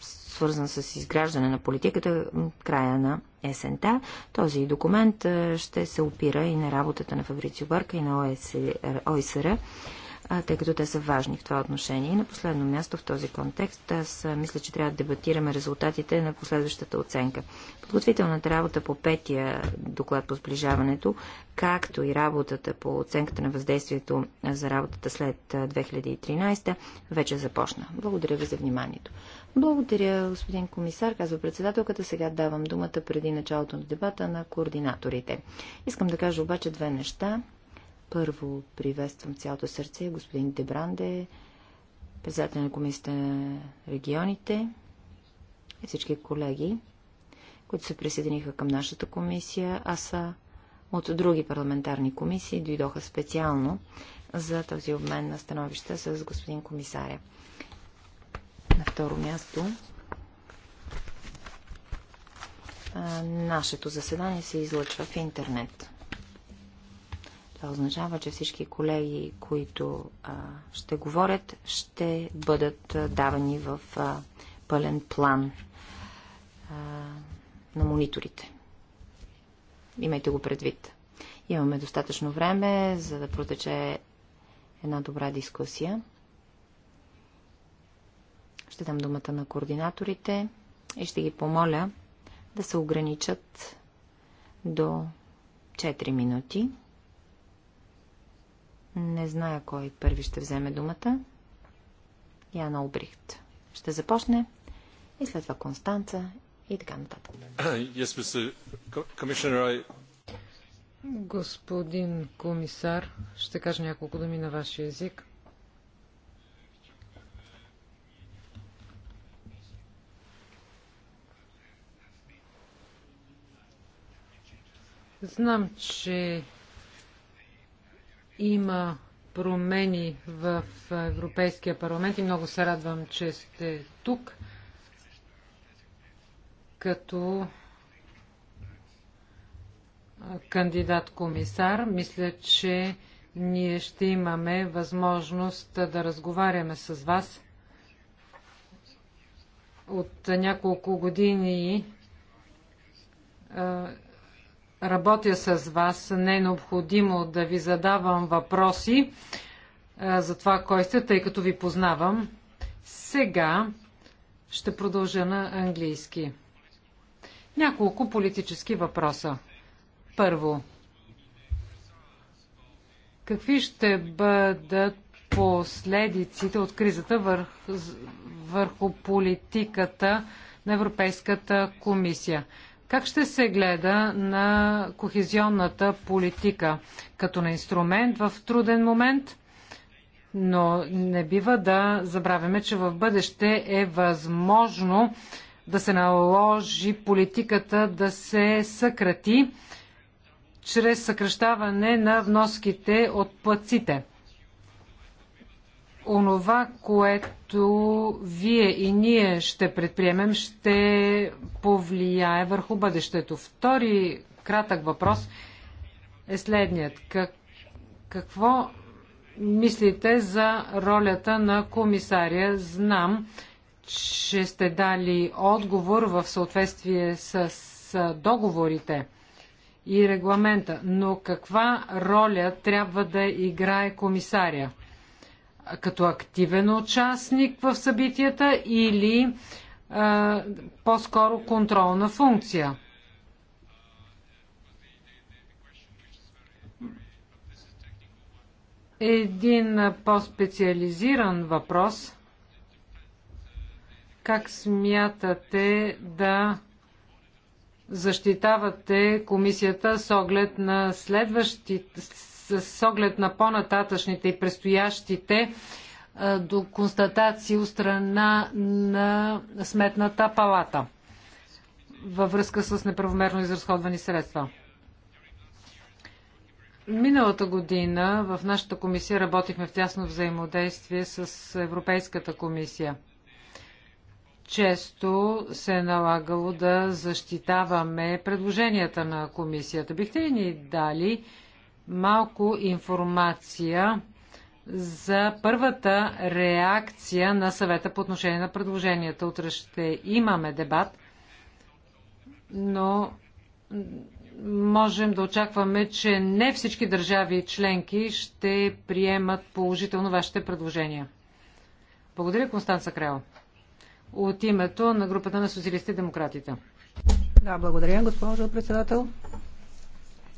свързан с изграждане на политиката края на есента. Този документ е, ще се опира и на работата на Фабрицио Бърка и на ОСР тъй като те са важни в това отношение. И на последно място в този контекст, аз мисля, че трябва да дебатираме резултатите на последващата оценка. Подготвителната работа по петия доклад по сближаването, както и работата по оценката на въздействието за работата след 2013, вече започна. Благодаря ви за вниманието. Благодаря, господин комисар, казва председателката. Сега давам думата преди началото на дебата на координаторите. Искам да кажа обаче две неща. Първо приветствам цялото сърце господин Дебранде, председател на комисията на регионите и всички колеги, които се присъединиха към нашата комисия, а са от други парламентарни комисии, дойдоха специално за този обмен на становища с господин комисаря. На второ място нашето заседание се излъчва в интернет. Това означава, че всички колеги, които а, ще говорят, ще бъдат а, давани в а, пълен план а, на мониторите. Имайте го предвид. Имаме достатъчно време, за да протече една добра дискусия. Ще дам думата на координаторите и ще ги помоля да се ограничат до 4 минути. Не зная кой първи ще вземе думата. Яна Обрихт ще започне и след това Констанца и така нататък. <clears throat> Yes, I... Господин комисар, ще кажа няколко думи на вашия език. Знам, че има промени в Европейския парламент и много се радвам, че сте тук, като кандидат-комисар. Мисля, че ние ще имаме възможност да разговаряме с вас. От няколко години работя с вас. Не е необходимо да ви задавам въпроси е, за това кой сте, тъй като ви познавам. Сега ще продължа на английски. Няколко политически въпроса. Първо, какви ще бъдат последиците от кризата върху политиката на Европейската комисия? Как ще се гледа на кохезионната политика като на инструмент в труден момент? Но не бива да забравяме, че в бъдеще е възможно да се наложи политиката да се съкрати чрез съкръщаване на вноските от плаците онова, което вие и ние ще предприемем, ще повлияе върху бъдещето. Втори кратък въпрос е следният. Как, какво мислите за ролята на комисаря? Знам, че сте дали отговор в съответствие с, с договорите и регламента, но каква роля трябва да играе комисаря? като активен участник в събитията или по-скоро контролна функция. Един по-специализиран въпрос. Как смятате да защитавате комисията с оглед на следващите, с оглед на по-нататъчните и предстоящите е, до констатации от страна на Сметната палата във връзка с неправомерно изразходвани средства. Миналата година в нашата комисия работихме в тясно взаимодействие с Европейската комисия. Често се е налагало да защитаваме предложенията на комисията. Бихте ли ни дали малко информация за първата реакция на съвета по отношение на предложенията. Утре ще имаме дебат, но можем да очакваме, че не всички държави членки ще приемат положително вашите предложения. Благодаря, Констанца Крео. От името на групата на социалисти и демократите. Да, благодаря, госпожо председател.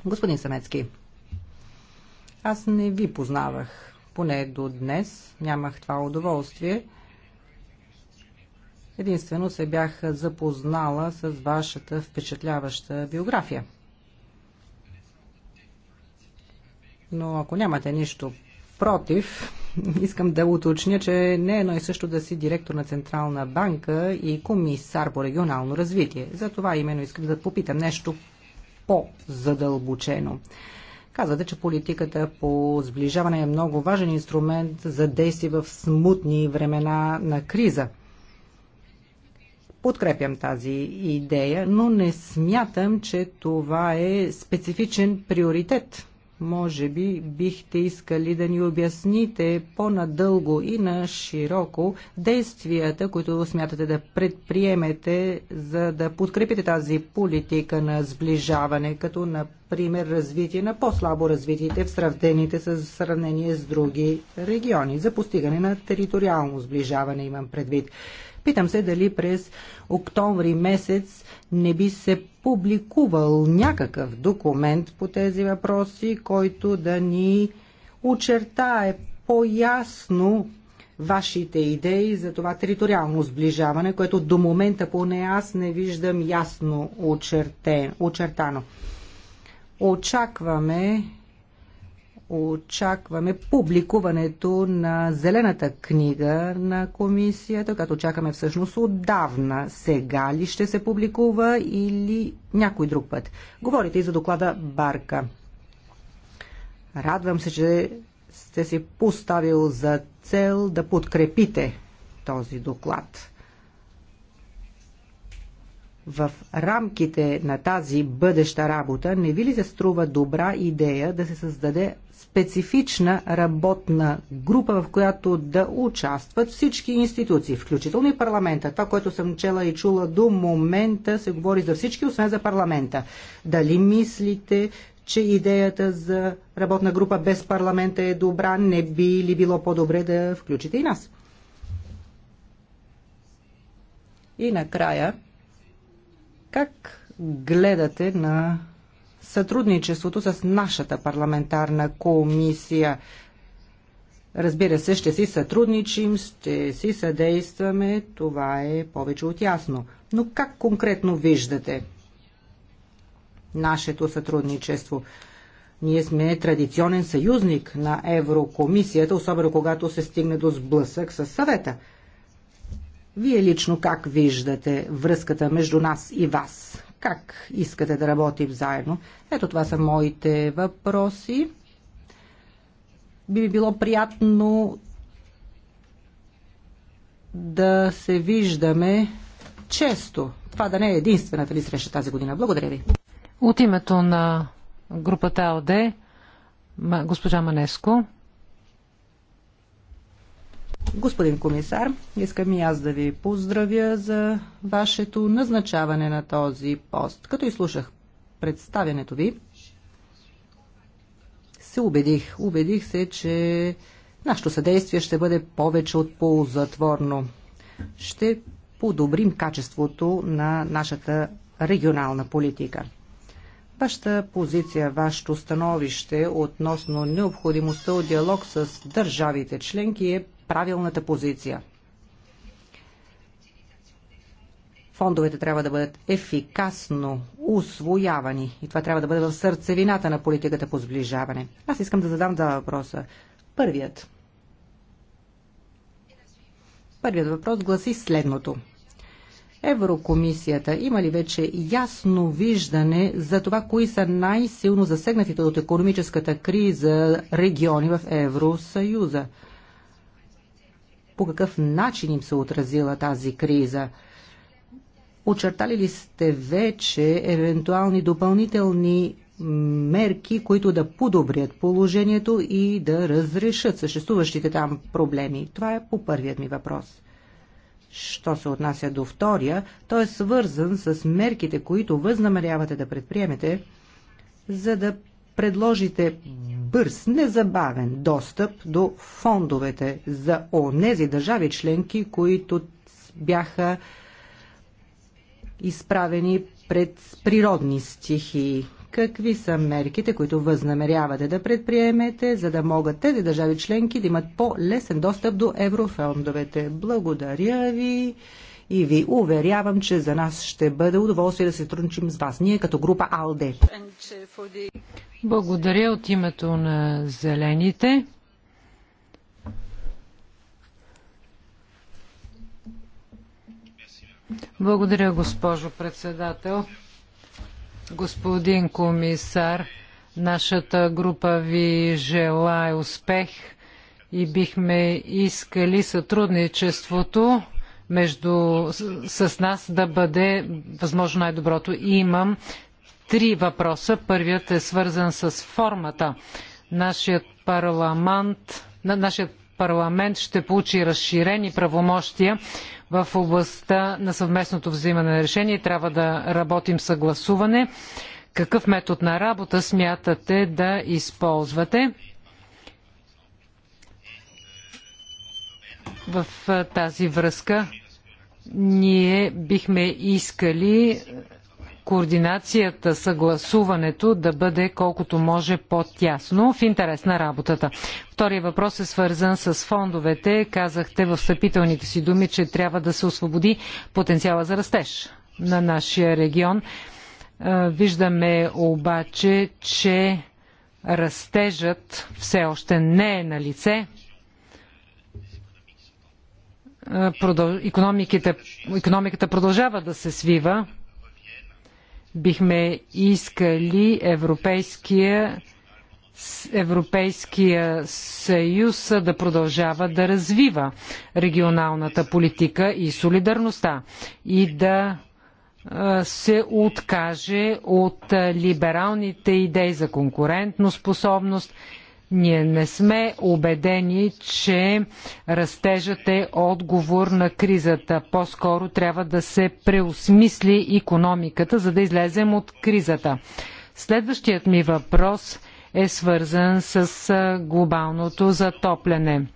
Господин Самецки, аз не ви познавах, поне до днес, нямах това удоволствие. Единствено се бях запознала с вашата впечатляваща биография. Но ако нямате нищо против, <laughs> искам да уточня, че не е едно и също да си директор на Централна банка и комисар по регионално развитие. За това именно искам да попитам нещо по-задълбочено. Казвате, че политиката по сближаване е много важен инструмент за действие в смутни времена на криза. Подкрепям тази идея, но не смятам, че това е специфичен приоритет може би бихте искали да ни обясните по-надълго и на широко действията, които смятате да предприемете, за да подкрепите тази политика на сближаване, като например развитие на по-слабо развитите в сравнените с сравнение с други региони, за постигане на териториално сближаване имам предвид. Питам се дали през октомври месец не би се публикувал някакъв документ по тези въпроси, който да ни очертае по-ясно вашите идеи за това териториално сближаване, което до момента поне аз не виждам ясно очертано. Очакваме очакваме публикуването на зелената книга на комисията, като чакаме всъщност отдавна. Сега ли ще се публикува или някой друг път? Говорите и за доклада Барка. Радвам се, че сте си поставил за цел да подкрепите този доклад. В рамките на тази бъдеща работа не ви ли се струва добра идея да се създаде специфична работна група, в която да участват всички институции, включително и парламента. Това, което съм чела и чула до момента, се говори за всички, освен за парламента. Дали мислите, че идеята за работна група без парламента е добра, не би ли било по-добре да включите и нас? И накрая, как гледате на сътрудничеството с нашата парламентарна комисия. Разбира се, ще си сътрудничим, ще си съдействаме, това е повече от ясно. Но как конкретно виждате нашето сътрудничество? Ние сме традиционен съюзник на Еврокомисията, особено когато се стигне до сблъсък с съвета. Вие лично как виждате връзката между нас и вас? Как искате да работим заедно? Ето това са моите въпроси. Би било приятно да се виждаме често. Това да не е единствената ви среща тази година. Благодаря ви. От името на групата АОД, госпожа Манеско. Господин комисар, искам и аз да ви поздравя за вашето назначаване на този пост. Като изслушах представянето ви, се убедих. Убедих се, че нашето съдействие ще бъде повече от ползатворно. Ще подобрим качеството на нашата регионална политика. Вашата позиция, вашето становище относно необходимостта от диалог с държавите членки е правилната позиция. Фондовете трябва да бъдат ефикасно усвоявани и това трябва да бъде в сърцевината на политиката по сближаване. Аз искам да задам два въпроса. Първият. Първият въпрос гласи следното. Еврокомисията има ли вече ясно виждане за това, кои са най-силно засегнатите от економическата криза региони в Евросъюза? по какъв начин им се отразила тази криза? Очертали ли сте вече евентуални допълнителни мерки, които да подобрят положението и да разрешат съществуващите там проблеми? Това е по първият ми въпрос. Що се отнася до втория, той е свързан с мерките, които възнамерявате да предприемете, за да предложите бърз, незабавен достъп до фондовете за онези държави членки, които бяха изправени пред природни стихии. Какви са мерките, които възнамерявате да предприемете, за да могат тези държави членки да имат по-лесен достъп до еврофондовете? Благодаря ви и ви уверявам, че за нас ще бъде удоволствие да се трудничим с вас. Ние като група АЛДЕ. Благодаря от името на зелените. Благодаря, госпожо председател. Господин комисар, нашата група ви желая успех и бихме искали сътрудничеството между, с, с нас да бъде възможно най-доброто. Имам три въпроса. Първият е свързан с формата. Нашият парламент, нашият парламент ще получи разширени правомощия в областта на съвместното взимане на решение. Трябва да работим съгласуване. Какъв метод на работа смятате да използвате? В тази връзка ние бихме искали координацията, съгласуването да бъде колкото може по-тясно в интерес на работата. Втория въпрос е свързан с фондовете. Казахте в съпителните си думи, че трябва да се освободи потенциала за растеж на нашия регион. Виждаме обаче, че растежът все още не е на лице. Економиката продължава да се свива бихме искали Европейския, Европейския съюз да продължава да развива регионалната политика и солидарността и да се откаже от либералните идеи за конкурентно способност ние не сме убедени, че растежът е отговор на кризата. По-скоро трябва да се преосмисли економиката, за да излезем от кризата. Следващият ми въпрос е свързан с глобалното затопляне.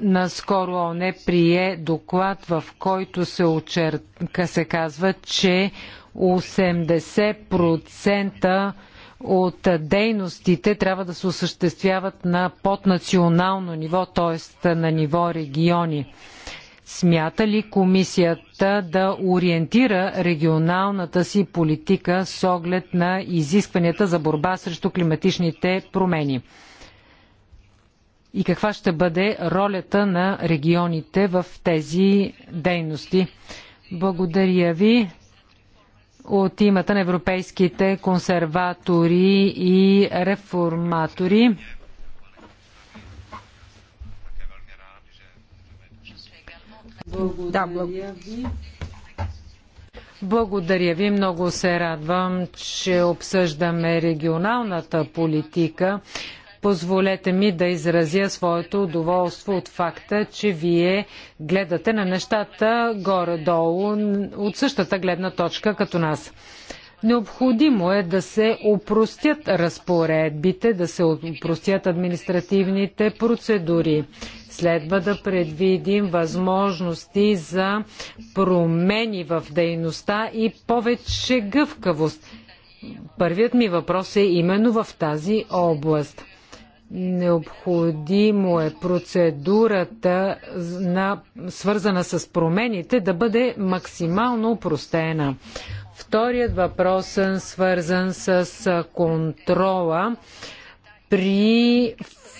Наскоро ОНЕ прие доклад, в който се, очерка, се казва, че 80% от дейностите трябва да се осъществяват на поднационално ниво, т.е. на ниво региони. Смята ли комисията да ориентира регионалната си политика с оглед на изискванията за борба срещу климатичните промени? И каква ще бъде ролята на регионите в тези дейности? Благодаря ви от имата на европейските консерватори и реформатори. Благодаря Благодаря ви. Много се радвам, че обсъждаме регионалната политика Позволете ми да изразя своето удоволство от факта, че вие гледате на нещата горе-долу от същата гледна точка като нас. Необходимо е да се опростят разпоредбите, да се опростят административните процедури. Следва да предвидим възможности за промени в дейността и повече гъвкавост. Първият ми въпрос е именно в тази област. Необходимо е процедурата, на, свързана с промените, да бъде максимално упростена. Вторият въпрос е свързан с контрола при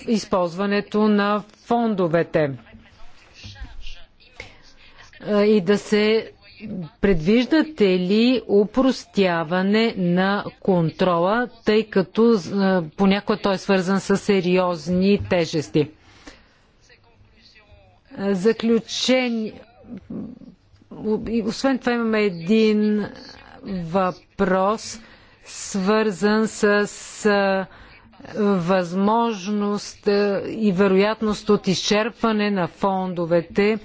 използването на фондовете и да се Предвиждате ли упростяване на контрола, тъй като е, понякога той е свързан с сериозни тежести? Заключение. Освен това имаме един въпрос, свързан с е, възможност е, и вероятност от изчерпване на фондовете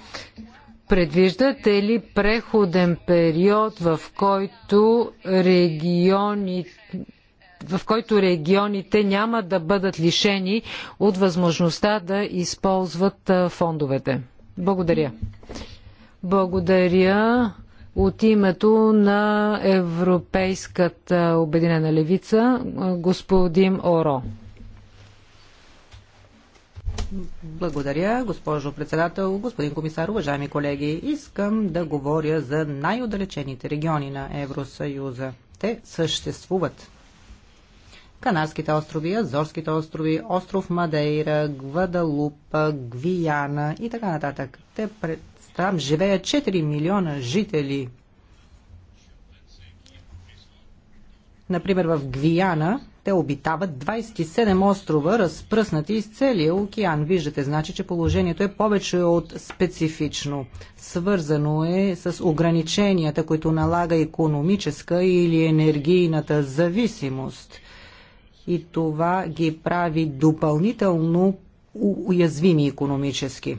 Предвиждате ли преходен период, в който, региони, в който регионите няма да бъдат лишени от възможността да използват фондовете? Благодаря. Благодаря от името на Европейската обединена левица господин Оро. Благодаря, госпожо председател, господин комисар, уважаеми колеги. Искам да говоря за най-отдалечените региони на Евросъюза. Те съществуват. Канарските острови, Азорските острови, остров Мадейра, Гвадалупа, Гвияна и така нататък. Те пред... там живеят 4 милиона жители Например, в Гвиана те обитават 27 острова, разпръснати из целия океан. Виждате, значи, че положението е повече от специфично. Свързано е с ограниченията, които налага економическа или енергийната зависимост. И това ги прави допълнително уязвими економически.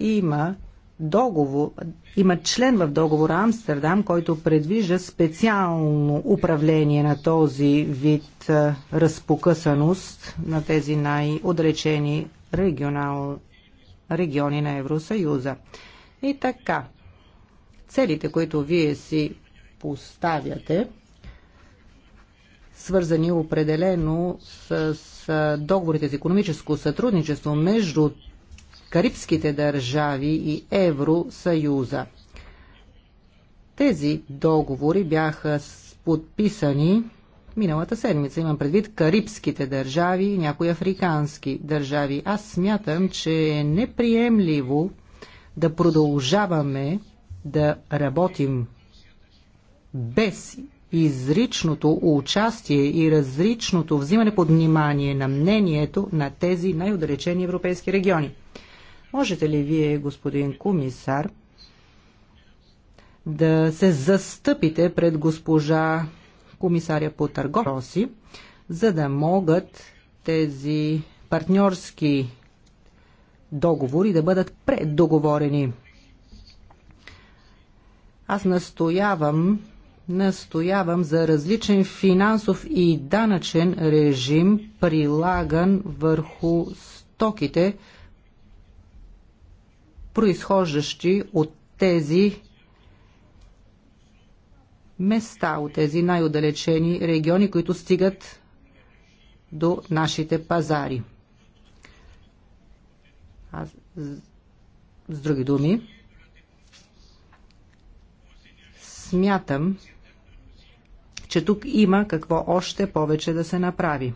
Има договор, има член в договора Амстердам, който предвижда специално управление на този вид е, разпокъсаност на тези най отречени регионал, региони на Евросъюза. И така, целите, които вие си поставяте, свързани определено с е, договорите за економическо сътрудничество между Карибските държави и Евросъюза. Тези договори бяха подписани миналата седмица. Имам предвид карибските държави и някои африкански държави. Аз смятам, че е неприемливо да продължаваме да работим без изричното участие и различното взимане под внимание на мнението на тези най удалечени европейски региони. Можете ли вие, господин комисар, да се застъпите пред госпожа комисаря по търговци, за да могат тези партньорски договори да бъдат предоговорени. Аз настоявам, настоявам за различен финансов и данъчен режим, прилаган върху стоките, произхождащи от тези места, от тези най-отдалечени региони, които стигат до нашите пазари. А, с други думи, смятам, че тук има какво още повече да се направи.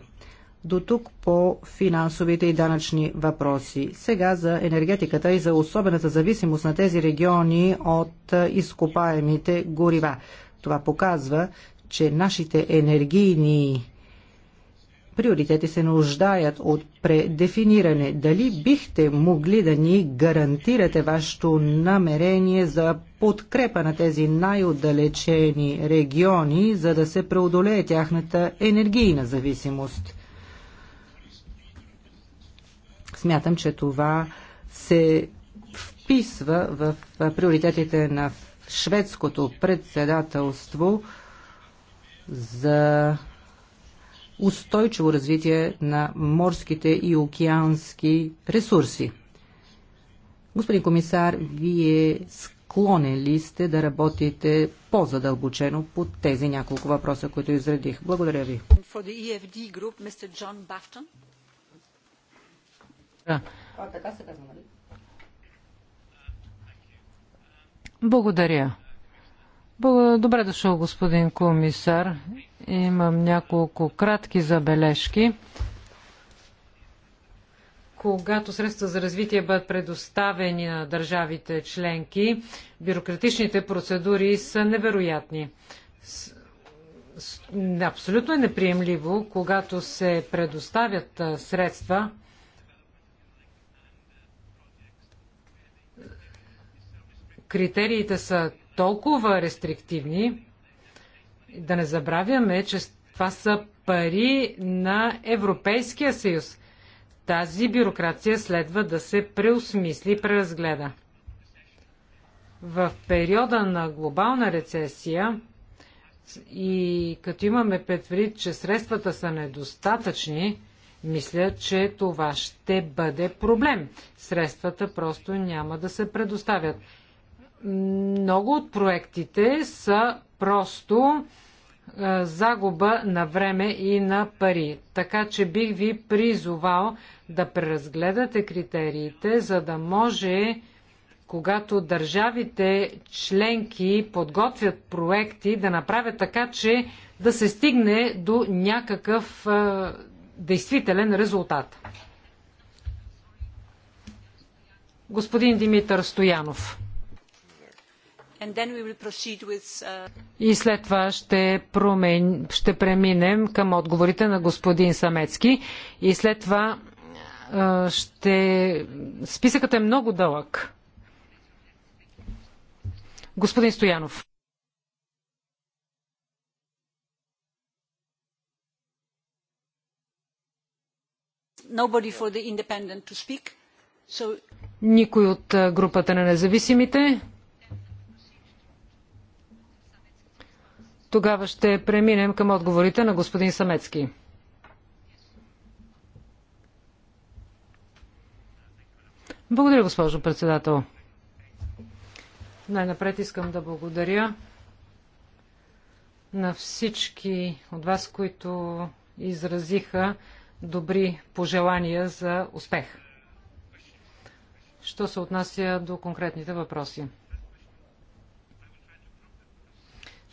До тук по финансовите и данъчни въпроси. Сега за енергетиката и за особената зависимост на тези региони от изкопаемите горива. Това показва, че нашите енергийни приоритети се нуждаят от предефиниране. Дали бихте могли да ни гарантирате вашето намерение за подкрепа на тези най-отдалечени региони, за да се преодолее тяхната енергийна зависимост? Смятам, че това се вписва в приоритетите на шведското председателство за устойчиво развитие на морските и океански ресурси. Господин комисар, вие склонен ли сте да работите по-задълбочено по тези няколко въпроса, които изредих? Благодаря ви. Да. А, така се казва, нали? Благодаря. Добре дошъл, господин комисар. Имам няколко кратки забележки. Когато средства за развитие бъдат предоставени на държавите членки, бюрократичните процедури са невероятни. Абсолютно е неприемливо, когато се предоставят средства, критериите са толкова рестриктивни, да не забравяме, че това са пари на Европейския съюз. Тази бюрокрация следва да се преосмисли и преразгледа. В периода на глобална рецесия и като имаме предвид, че средствата са недостатъчни, мисля, че това ще бъде проблем. Средствата просто няма да се предоставят много от проектите са просто е, загуба на време и на пари. Така че бих ви призовал да преразгледате критериите, за да може, когато държавите членки подготвят проекти, да направят така, че да се стигне до някакъв е, действителен резултат. Господин Димитър Стоянов. Uh, И след това ще, ще преминем към отговорите на господин Самецки. И след това ще... Списъкът е много дълъг. Господин Стоянов. Speak, so... Никой от групата на независимите. Тогава ще преминем към отговорите на господин Самецки. Благодаря, госпожо председател. Най-напред искам да благодаря на всички от вас, които изразиха добри пожелания за успех. Що се отнася до конкретните въпроси?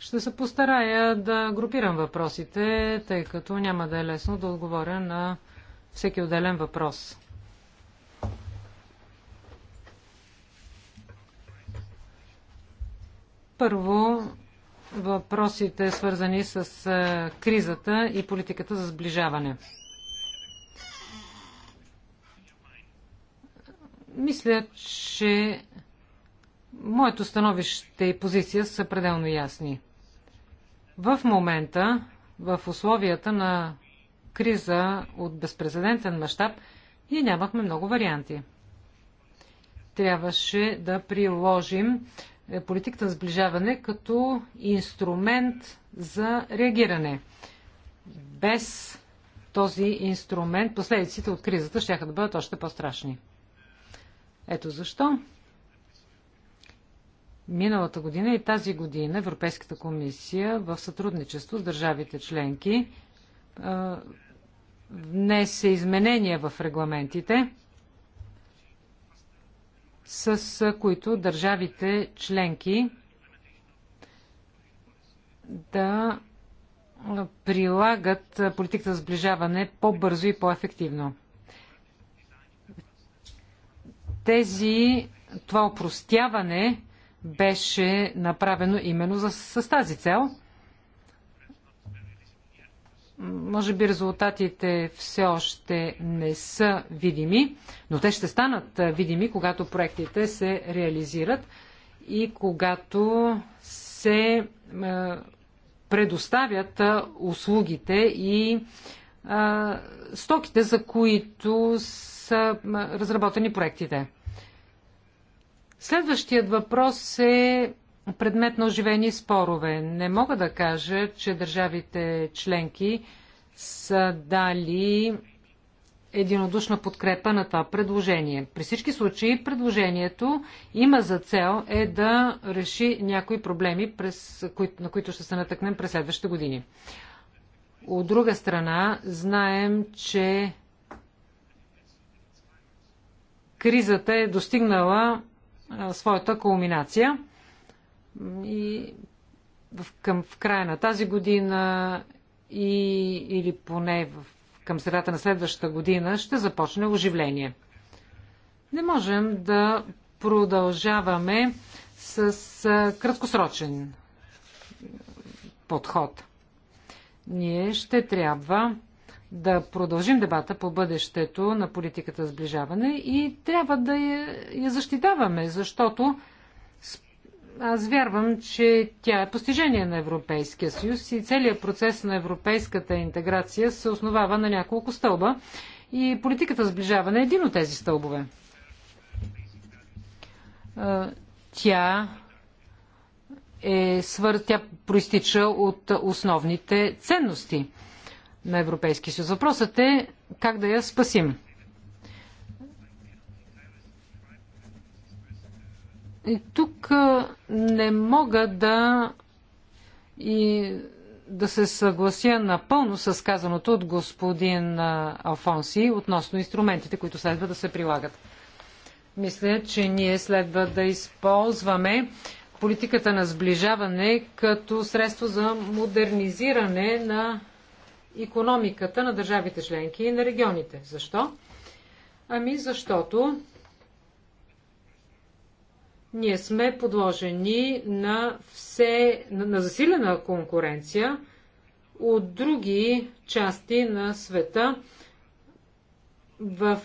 Ще се постарая да групирам въпросите, тъй като няма да е лесно да отговоря на всеки отделен въпрос. Първо, въпросите свързани с е, кризата и политиката за сближаване. Мисля, че моето становище и позиция са пределно ясни. В момента, в условията на криза от безпредседентен мащаб, ние нямахме много варианти. Трябваше да приложим е, политиката на сближаване като инструмент за реагиране. Без този инструмент последиците от кризата ще да бъдат още по-страшни. Ето защо Миналата година и тази година Европейската комисия в сътрудничество с държавите членки внесе изменения в регламентите, с които държавите членки да прилагат политиката за сближаване по-бързо и по-ефективно. Тези, това опростяване беше направено именно за, с тази цел. Може би резултатите все още не са видими, но те ще станат видими, когато проектите се реализират и когато се предоставят услугите и стоките, за които са разработени проектите. Следващият въпрос е предмет на оживени спорове. Не мога да кажа, че държавите членки са дали единодушна подкрепа на това предложение. При всички случаи предложението има за цел е да реши някои проблеми, през, на които ще се натъкнем през следващите години. От друга страна, знаем, че кризата е достигнала своята кулминация. И в, към, в края на тази година и, или поне в, към средата на следващата година ще започне оживление. Не можем да продължаваме с краткосрочен подход. Ние ще трябва да продължим дебата по бъдещето на политиката сближаване и трябва да я, я защитаваме, защото аз вярвам, че тя е постижение на Европейския съюз и целият процес на европейската интеграция се основава на няколко стълба и политиката сближаване е един от тези стълбове. Тя е свър... тя проистича от основните ценности – на Европейския съюз. Въпросът е как да я спасим. И тук не мога да и да се съглася напълно с казаното от господин Алфонси относно инструментите, които следва да се прилагат. Мисля, че ние следва да използваме политиката на сближаване като средство за модернизиране на економиката на държавите членки и на регионите. Защо? Ами защото ние сме подложени на, все, на засилена конкуренция от други части на света, в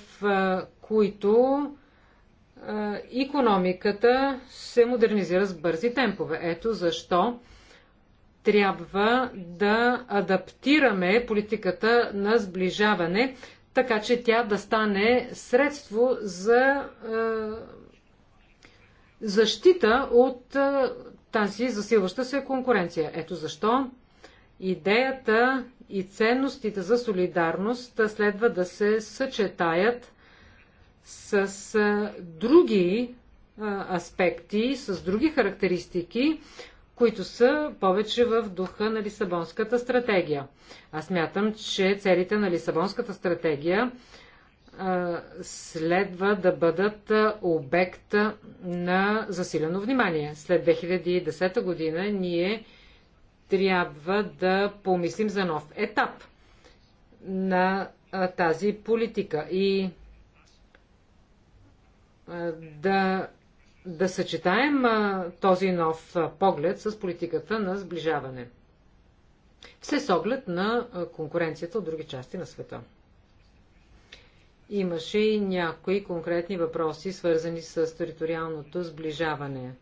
които економиката се модернизира с бързи темпове. Ето защо трябва да адаптираме политиката на сближаване, така че тя да стане средство за е, защита от е, тази засилваща се конкуренция. Ето защо идеята и ценностите за солидарност следва да се съчетаят с е, други аспекти, с други характеристики, които са повече в духа на Лисабонската стратегия. Аз мятам, че целите на Лисабонската стратегия а, следва да бъдат обект на засилено внимание. След 2010 година ние трябва да помислим за нов етап на а, тази политика и а, да да съчетаем този нов поглед с политиката на сближаване. Все с оглед на конкуренцията от други части на света. Имаше и някои конкретни въпроси, свързани с териториалното сближаване.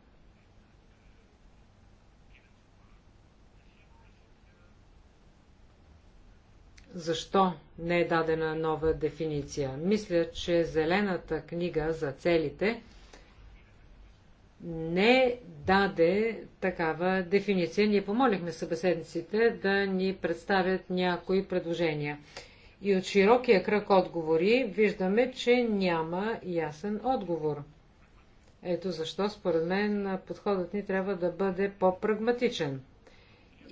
Защо не е дадена нова дефиниция? Мисля, че Зелената книга за целите – не даде такава дефиниция. Ние помолихме събеседниците да ни представят някои предложения. И от широкия кръг отговори виждаме, че няма ясен отговор. Ето защо, според мен, подходът ни трябва да бъде по-прагматичен.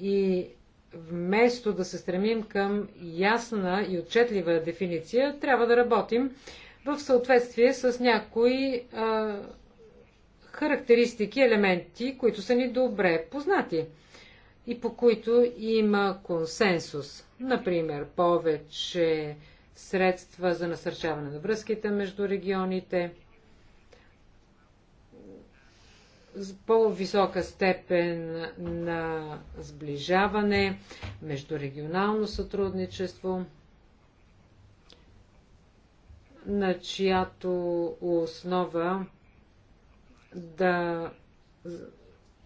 И вместо да се стремим към ясна и отчетлива дефиниция, трябва да работим в съответствие с някои а, характеристики, елементи, които са ни добре познати и по които има консенсус. Например, повече средства за насърчаване на връзките между регионите, по-висока степен на сближаване, междурегионално сътрудничество, на чиято основа да,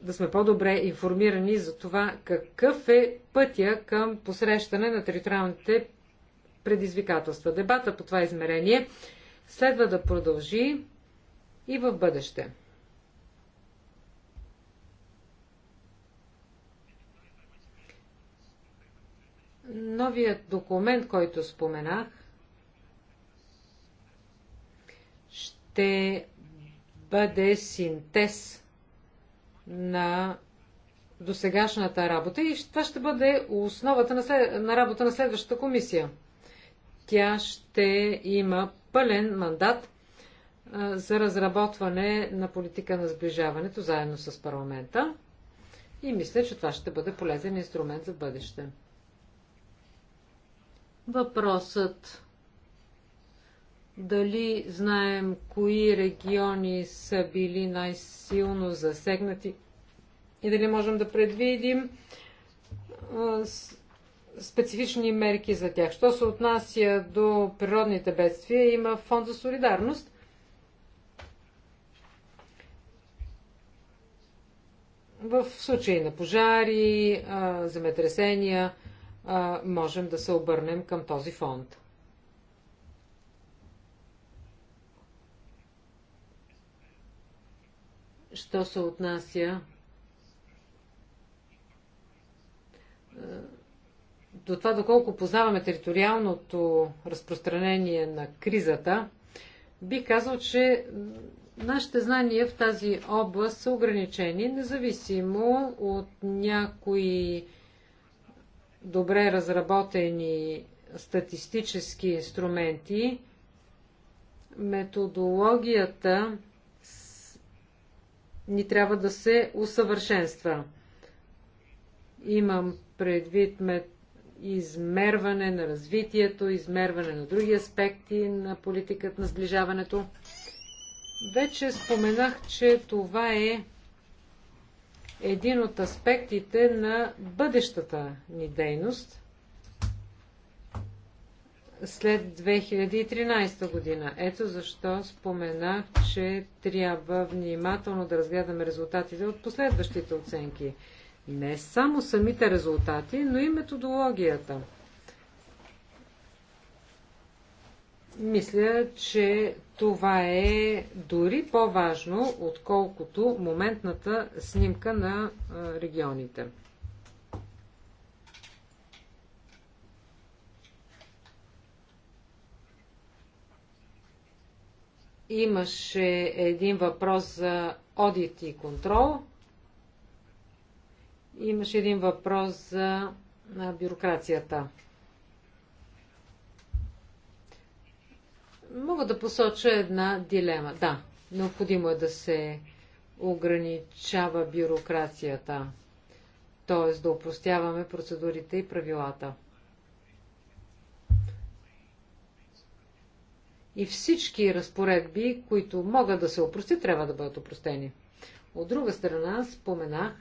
да сме по-добре информирани за това какъв е пътя към посрещане на териториалните предизвикателства. Дебата по това измерение следва да продължи и в бъдеще. Новият документ, който споменах, ще бъде синтез на досегашната работа и това ще бъде основата на, след... на работа на следващата комисия. Тя ще има пълен мандат за разработване на политика на сближаването заедно с парламента и мисля, че това ще бъде полезен инструмент за бъдеще. Въпросът дали знаем кои региони са били най-силно засегнати и дали можем да предвидим специфични мерки за тях. Що се отнася до природните бедствия, има фонд за солидарност. В случай на пожари, земетресения, можем да се обърнем към този фонд. Що се отнася е, до това, доколко познаваме териториалното разпространение на кризата, би казал, че нашите знания в тази област са ограничени, независимо от някои добре разработени статистически инструменти. Методологията ни трябва да се усъвършенства. Имам предвид мет... измерване на развитието, измерване на други аспекти на политиката на сближаването. Вече споменах, че това е един от аспектите на бъдещата ни дейност – след 2013 година. Ето защо споменах, че трябва внимателно да разгледаме резултатите от последващите оценки. Не само самите резултати, но и методологията. Мисля, че това е дори по-важно, отколкото моментната снимка на регионите. Имаше един въпрос за одит и контрол. Имаше един въпрос за бюрокрацията. Мога да посоча една дилема. Да, необходимо е да се ограничава бюрокрацията, т.е. да упростяваме процедурите и правилата. и всички разпоредби, които могат да се опростят, трябва да бъдат опростени. От друга страна, споменах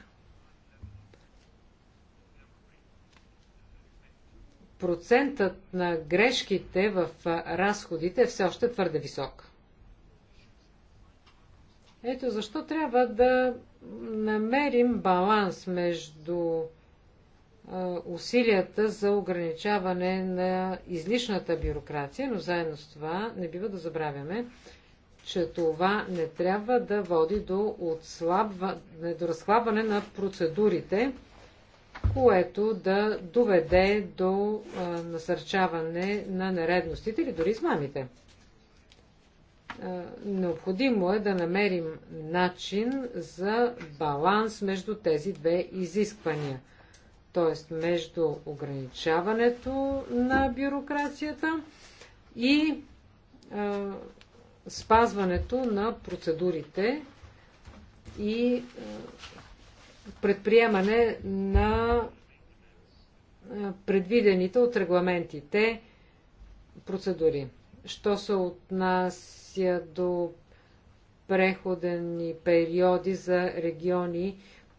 процентът на грешките в разходите е все още твърде висок. Ето защо трябва да намерим баланс между усилията за ограничаване на излишната бюрокрация, но заедно с това не бива да забравяме, че това не трябва да води до, отслабване, до разхлабване на процедурите, което да доведе до а, насърчаване на нередностите или дори измамите. А, необходимо е да намерим начин за баланс между тези две изисквания – т.е. между ограничаването на бюрокрацията и е, спазването на процедурите и е, предприемане на предвидените от регламентите процедури. Що се отнася до преходени периоди за региони,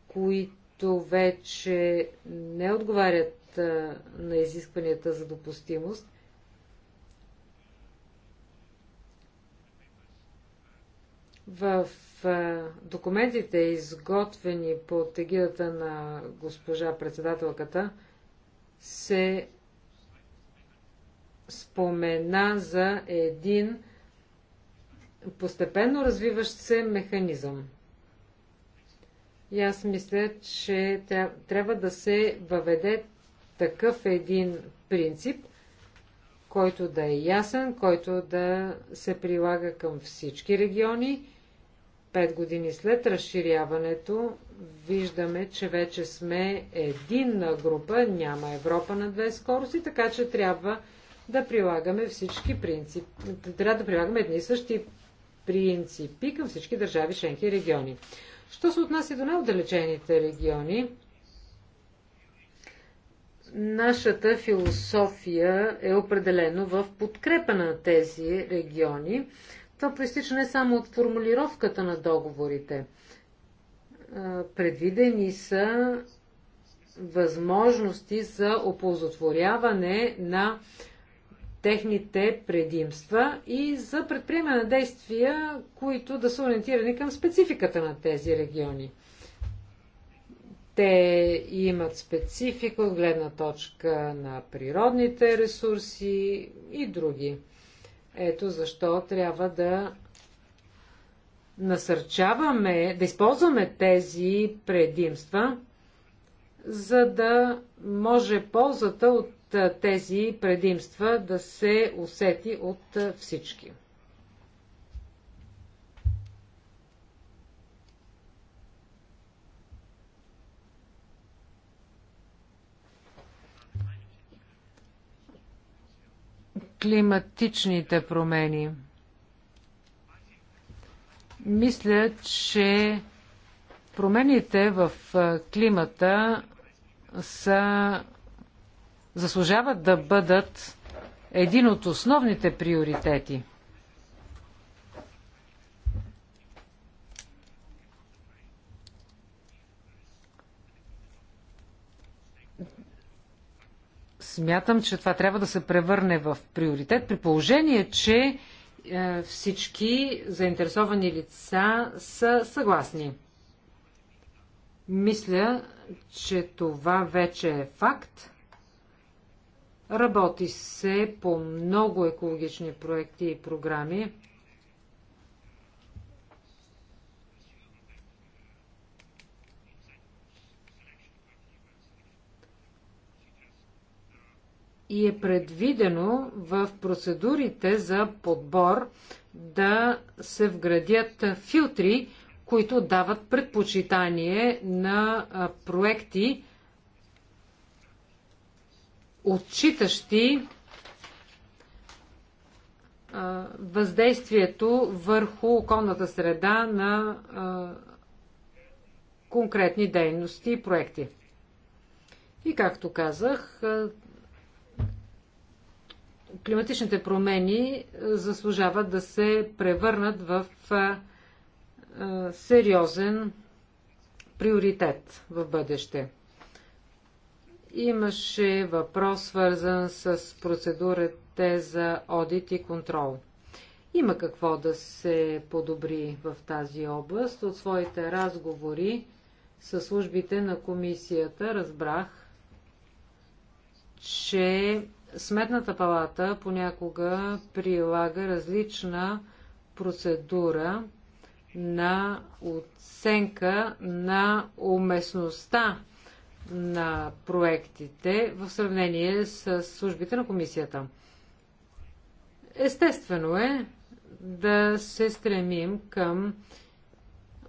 които които вече не отговарят на изискванията за допустимост, В документите, изготвени под егидата на госпожа председателката, се спомена за един постепенно развиващ се механизъм. И аз мисля, че трябва да се въведе такъв един принцип, който да е ясен, който да се прилага към всички региони. Пет години след разширяването виждаме, че вече сме единна група, няма Европа на две скорости, така че трябва да прилагаме всички принципи. Трябва да прилагаме едни и същи принципи към всички държави, членки и региони. Що се отнася до най-отдалечените региони, нашата философия е определено в подкрепа на тези региони. Това проистича не само от формулировката на договорите. Предвидени са възможности за оползотворяване на техните предимства и за предприемане на действия, които да са ориентирани към спецификата на тези региони. Те имат специфика от гледна точка на природните ресурси и други. Ето защо трябва да насърчаваме, да използваме тези предимства, за да може ползата от тези предимства да се усети от всички. Климатичните промени. Мисля, че промените в климата са заслужават да бъдат един от основните приоритети. Смятам, че това трябва да се превърне в приоритет при положение, че е, всички заинтересовани лица са съгласни. Мисля, че това вече е факт. Работи се по много екологични проекти и програми. И е предвидено в процедурите за подбор да се вградят филтри, които дават предпочитание на проекти, отчитащи въздействието върху околната среда на конкретни дейности и проекти. И както казах, климатичните промени заслужават да се превърнат в сериозен приоритет в бъдеще. Имаше въпрос, свързан с процедурите за одит и контрол. Има какво да се подобри в тази област. От своите разговори със службите на комисията разбрах, че Сметната палата понякога прилага различна процедура на оценка на уместността на проектите в сравнение с службите на комисията. Естествено е да се стремим към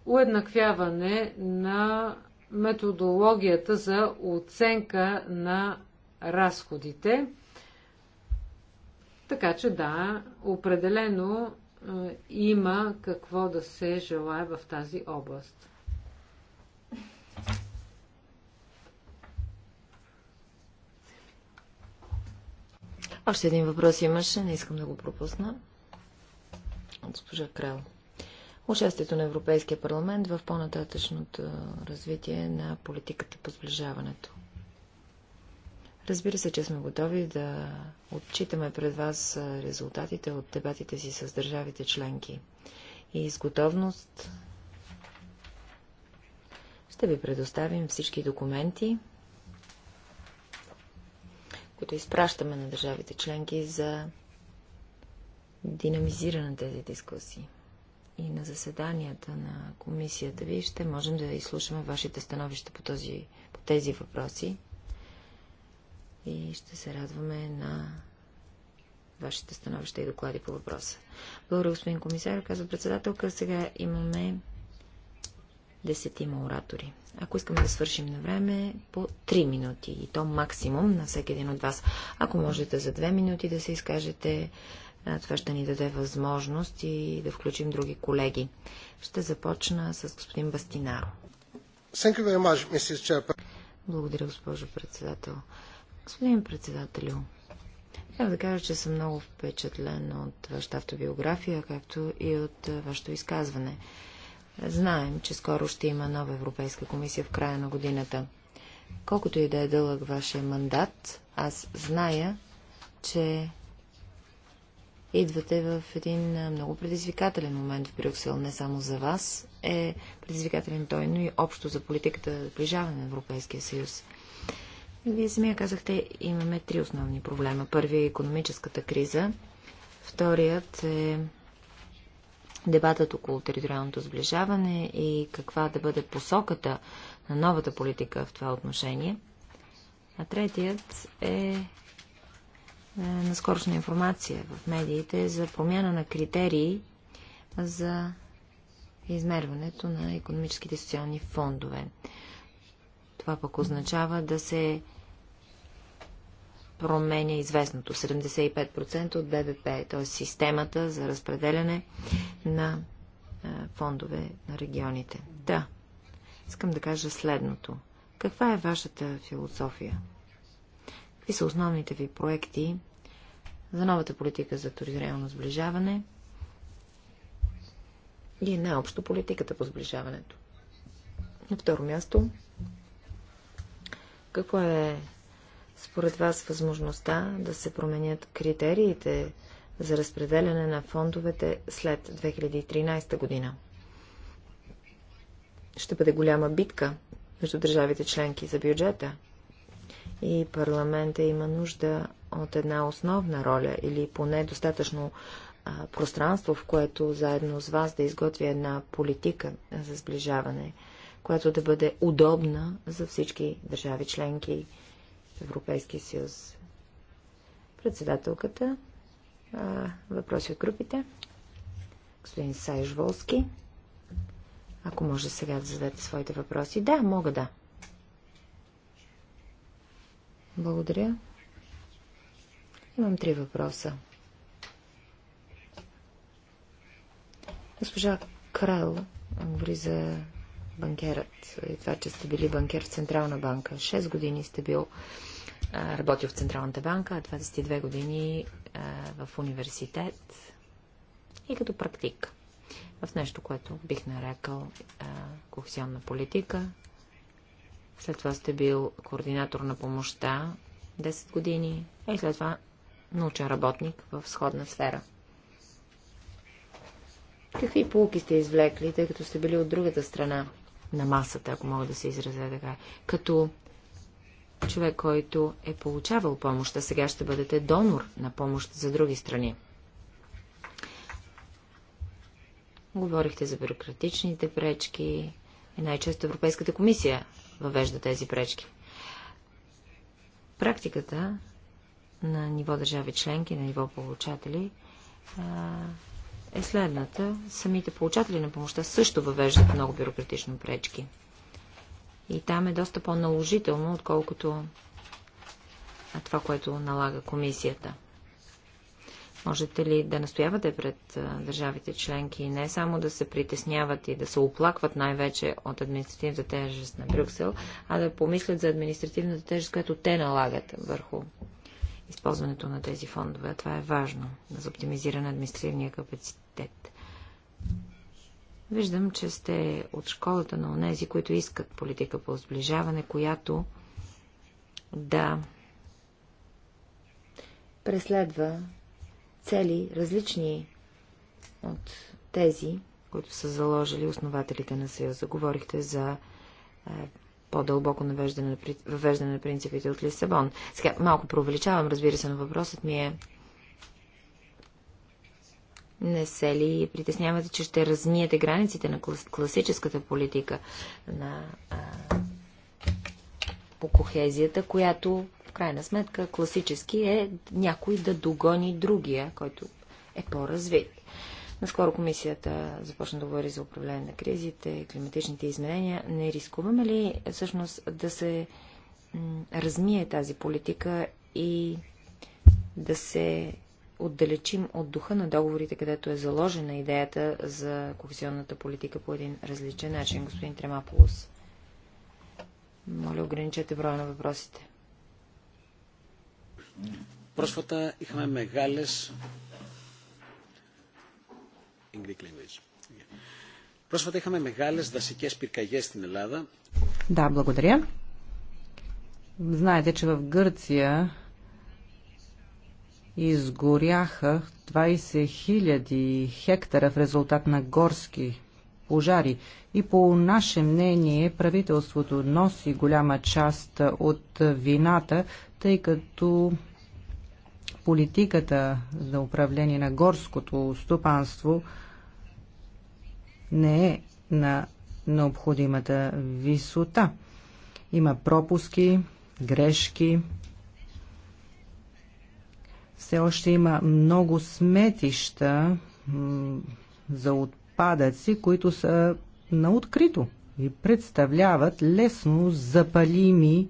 уеднаквяване на методологията за оценка на разходите. Така че да, определено е, има какво да се желая в тази област. Още един въпрос имаше, не искам да го пропусна. От госпожа Крал. Участието на Европейския парламент в по-нататъчното развитие на политиката по сближаването. Разбира се, че сме готови да отчитаме пред вас резултатите от дебатите си с държавите членки. И с готовност ще ви предоставим всички документи, които изпращаме на държавите членки за динамизиране на тези дискусии. И на заседанията на комисията ви ще можем да изслушаме вашите становища по, този, по тези въпроси и ще се радваме на вашите становища и доклади по въпроса. Благодаря, господин комисар, казва председателка. Сега имаме десетима оратори. Ако искаме да свършим на време, по 3 минути и то максимум на всеки един от вас. Ако можете за 2 минути да се изкажете, това ще ни даде възможност и да включим други колеги. Ще започна с господин Бастинаро. Благодаря, госпожо председател. Господин председателю, трябва да кажа, че съм много впечатлен от вашата автобиография, както и от вашето изказване. Знаем, че скоро ще има нова Европейска комисия в края на годината. Колкото и да е дълъг вашия мандат, аз зная, че идвате в един много предизвикателен момент в Брюксел, не само за вас, е предизвикателен той, но и общо за политиката за приближаване на Европейския съюз. Вие самия казахте, имаме три основни проблема. Първият е економическата криза, вторият е Дебатът около териториалното сближаване и каква да бъде посоката на новата политика в това отношение. А третият е, е наскорошна информация в медиите за промяна на критерии за измерването на економическите и социални фондове. Това пък означава да се променя известното 75% от БВП, т.е. системата за разпределяне на фондове на регионите. Да, искам да кажа следното. Каква е вашата философия? Какви са основните ви проекти за новата политика за териториално сближаване и най-общо политиката по сближаването? На второ място, какво е според вас възможността да се променят критериите за разпределяне на фондовете след 2013 година? Ще бъде голяма битка между държавите членки за бюджета и парламента има нужда от една основна роля или поне достатъчно а, пространство, в което заедно с вас да изготви една политика за сближаване, която да бъде удобна за всички държави членки в Европейския съюз. Председателката, а, въпроси от групите. Господин Сайж Волски, ако може сега да зададете своите въпроси. Да, мога да. Благодаря. Имам три въпроса. Госпожа Крал говори за банкерът и това, че сте били банкер в Централна банка. Шест години сте бил работил в Централната банка, 22 години в университет и като практик в нещо, което бих нарекал кохесионна политика. След това сте бил координатор на помощта 10 години, и след това научен работник в сходна сфера. Какви полуки сте извлекли, тъй като сте били от другата страна на масата, ако мога да се изразя така, като човек, който е получавал помощ, а сега ще бъдете донор на помощ за други страни. Говорихте за бюрократичните пречки и най-често Европейската комисия въвежда тези пречки. Практиката на ниво държави членки, на ниво получатели, е следната. Самите получатели на помощта също въвеждат много бюрократични пречки. И там е доста по-наложително, отколкото това, което налага комисията. Можете ли да настоявате пред държавите членки не само да се притесняват и да се оплакват най-вече от административната тежест на Брюксел, а да помислят за административната тежест, която те налагат върху използването на тези фондове. Това е важно за оптимизиране на административния капацитет. Виждам, че сте от школата на онези, които искат политика по сближаване, която да преследва цели различни от тези, които са заложили основателите на Съюза. Говорихте за е, по-дълбоко въвеждане на принципите от Лисабон. Сега малко преувеличавам, разбира се, но въпросът ми е не се ли притеснявате, че ще размиете границите на клас, класическата политика на, а, по кохезията, която в крайна сметка класически е някой да догони другия, който е по-развит? Наскоро комисията започна да говори за управление на кризите, климатичните изменения. Не рискуваме ли всъщност да се размие тази политика и да се отдалечим от духа на договорите, където е заложена идеята за кохезионната политика по един различен начин. Господин Тремаполос, моля ограничете броя на въпросите. Просвата имаме мегалес... English language. Πρόσφατα είχαμε μεγάλες δασικές πυρκαγιές στην Ελλάδα. Да, благодаря. Знаете, че в Гърция изгоряха 20 000 хектара в резултат на горски пожари. И по наше мнение правителството носи голяма част от вината, тъй като политиката за управление на горското стопанство не е на необходимата висота. Има пропуски, грешки, все още има много сметища за отпадъци, които са на открито и представляват лесно запалими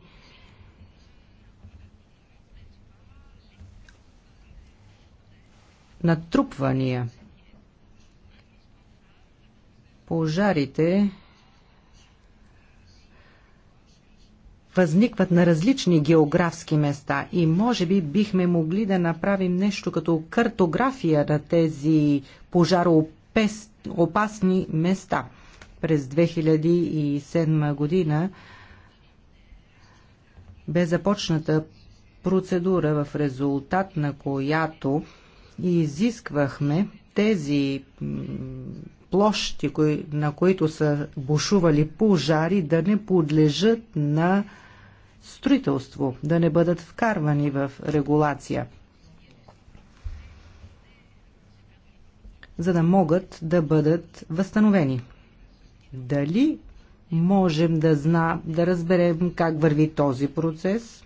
натрупвания. Пожарите възникват на различни географски места и може би бихме могли да направим нещо като картография на тези пожароопасни места. През 2007 година бе започната процедура, в резултат на която изисквахме тези площи, на които са бушували пожари, да не подлежат на строителство, да не бъдат вкарвани в регулация, за да могат да бъдат възстановени. Дали можем да зна, да разберем как върви този процес?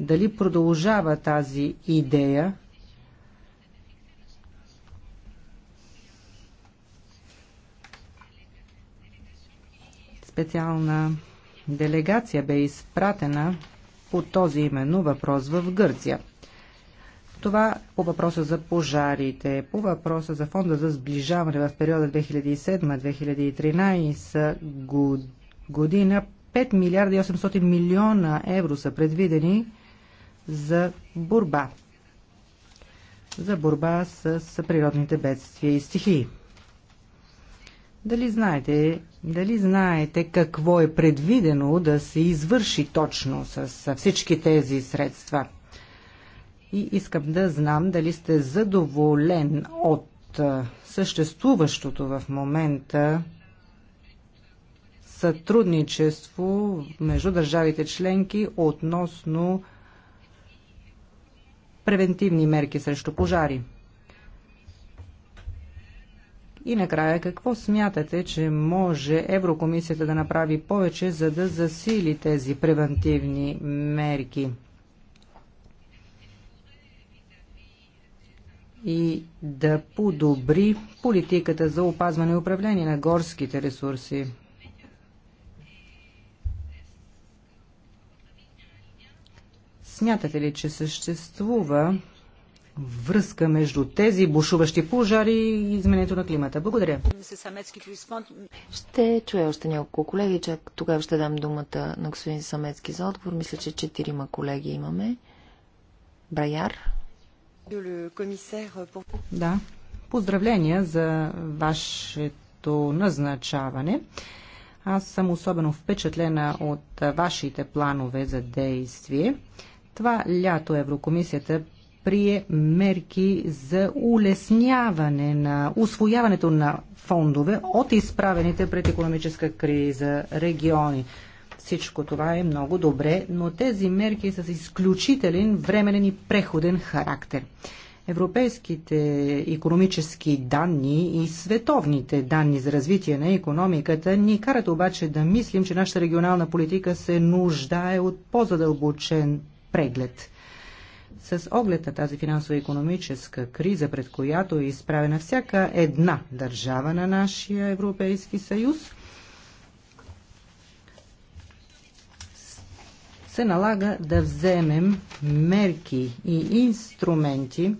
Дали продължава тази идея специална делегация бе изпратена по този именно въпрос в Гърция. Това по въпроса за пожарите, по въпроса за фонда за сближаване в периода 2007-2013 година 5 милиарда и 800 милиона евро са предвидени за борба за борба с природните бедствия и стихии. Дали знаете, дали знаете какво е предвидено да се извърши точно с всички тези средства? И искам да знам дали сте задоволен от съществуващото в момента сътрудничество между държавите членки относно превентивни мерки срещу пожари. И накрая, какво смятате, че може Еврокомисията да направи повече, за да засили тези превентивни мерки? и да подобри политиката за опазване и управление на горските ресурси. Смятате ли, че съществува връзка между тези бушуващи пожари и изменението на климата. Благодаря. Ще чуя още няколко колеги, чак тогава ще дам думата на господин Самецки за отговор. Мисля, че четирима колеги имаме. Браяр. Да. Поздравления за вашето назначаване. Аз съм особено впечатлена от вашите планове за действие. Това лято Еврокомисията предприе мерки за улесняване на освояването на фондове от изправените пред економическа криза региони. Всичко това е много добре, но тези мерки са с изключителен временен и преходен характер. Европейските економически данни и световните данни за развитие на економиката ни карат обаче да мислим, че нашата регионална политика се нуждае от по-задълбочен преглед с оглед на тази финансово-економическа криза, пред която е изправена всяка една държава на нашия Европейски съюз, се налага да вземем мерки и инструменти,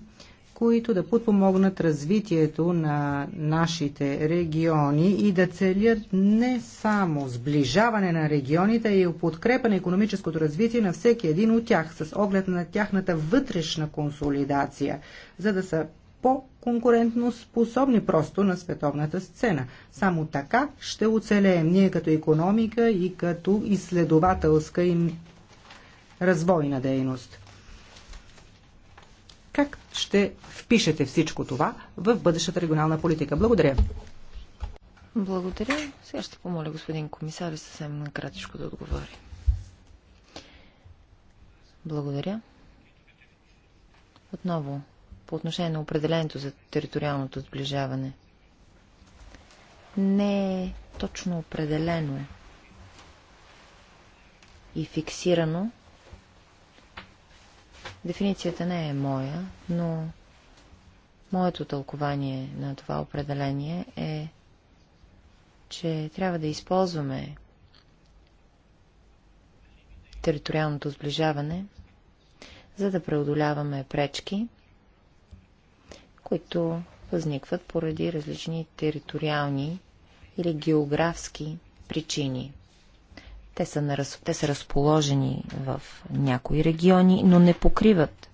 които да подпомогнат развитието на нашите региони и да целят не само сближаване на регионите, а и подкрепа на економическото развитие на всеки един от тях, с оглед на тяхната вътрешна консолидация, за да са по-конкурентно способни просто на световната сцена. Само така ще оцелеем ние като економика и като изследователска и развойна дейност ще впишете всичко това в бъдещата регионална политика. Благодаря. Благодаря. Сега ще помоля господин комисар съвсем накратичко да отговори. Благодаря. Отново, по отношение на определението за териториалното сближаване. Не е точно определено и фиксирано Дефиницията не е моя, но моето тълкование на това определение е, че трябва да използваме териториалното сближаване, за да преодоляваме пречки, които възникват поради различни териториални или географски причини – те са, на, те са разположени в някои региони, но не покриват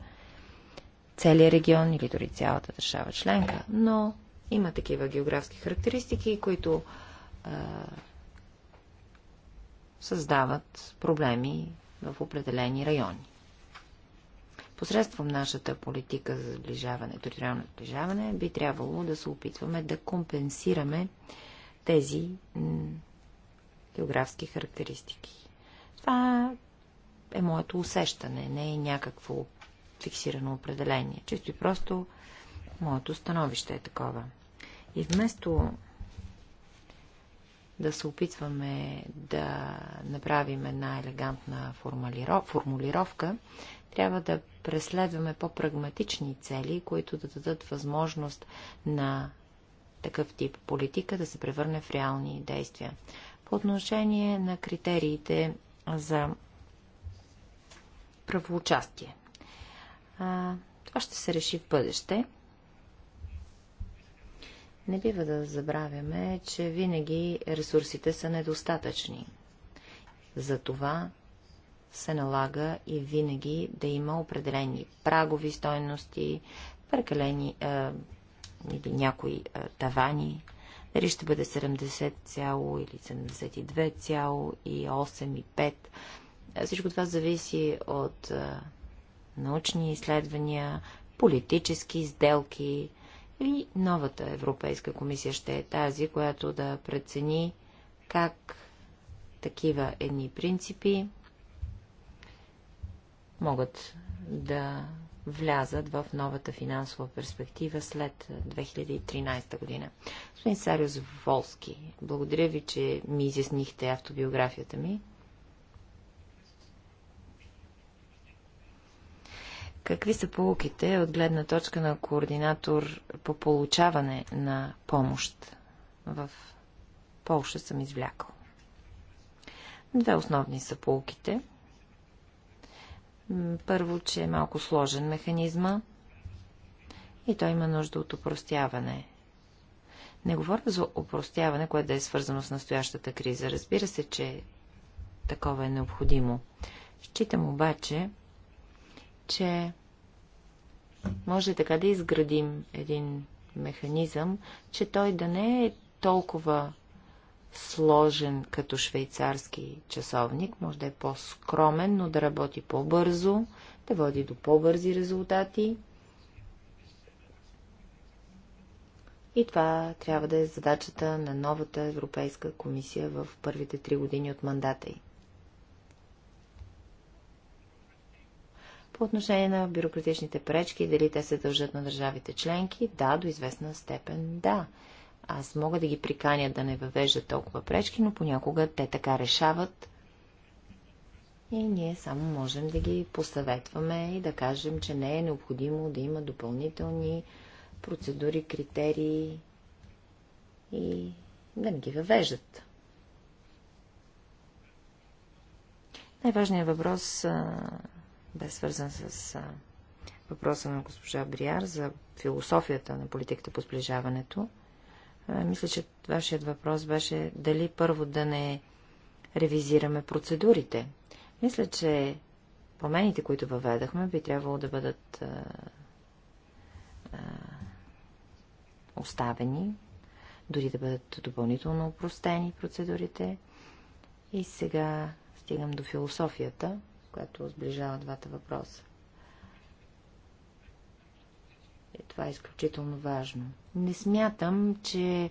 целият регион или дори цялата държава членка, но има такива географски характеристики, които а, създават проблеми в определени райони. Посредством нашата политика за сближаване, териториално сближаване, би трябвало да се опитваме да компенсираме тези географски характеристики. Това е моето усещане, не е някакво фиксирано определение. Чисто и просто моето становище е такова. И вместо да се опитваме да направим една елегантна формулировка, трябва да преследваме по-прагматични цели, които да дадат възможност на такъв тип политика да се превърне в реални действия отношение на критериите за правоучастие. А, това ще се реши в бъдеще. Не бива да забравяме, че винаги ресурсите са недостатъчни. Затова се налага и винаги да има определени прагови стойности, прекалени е, или някои е, тавани дали ще бъде 70 или 72,8 и 5. Всичко това зависи от научни изследвания, политически сделки и новата Европейска комисия ще е тази, която да прецени как такива едни принципи могат да влязат в новата финансова перспектива след 2013 година. Господин Сариус Волски, благодаря ви, че ми изяснихте автобиографията ми. Какви са полуките от гледна точка на координатор по получаване на помощ? В Полша съм извлякал. Две основни са полуките – първо, че е малко сложен механизма и той има нужда от упростяване. Не говоря за упростяване, което да е свързано с настоящата криза. Разбира се, че такова е необходимо. Считам обаче, че може така да изградим един механизъм, че той да не е толкова сложен като швейцарски часовник, може да е по-скромен, но да работи по-бързо, да води до по-бързи резултати. И това трябва да е задачата на новата Европейска комисия в първите три години от мандата й. По отношение на бюрократичните пречки, дали те се дължат на държавите членки, да, до известна степен да. Аз мога да ги приканя да не въвеждат толкова пречки, но понякога те така решават и ние само можем да ги посъветваме и да кажем, че не е необходимо да има допълнителни процедури, критерии и да не ги въвеждат. Най-важният въпрос бе свързан с въпроса на госпожа Бриар за философията на политиката по сближаването – мисля, че вашият въпрос беше дали първо да не ревизираме процедурите. Мисля, че промените, които въведахме, би трябвало да бъдат а, а, оставени, дори да бъдат допълнително упростени процедурите. И сега стигам до философията, която сближава двата въпроса. Е, това е изключително важно. Не смятам, че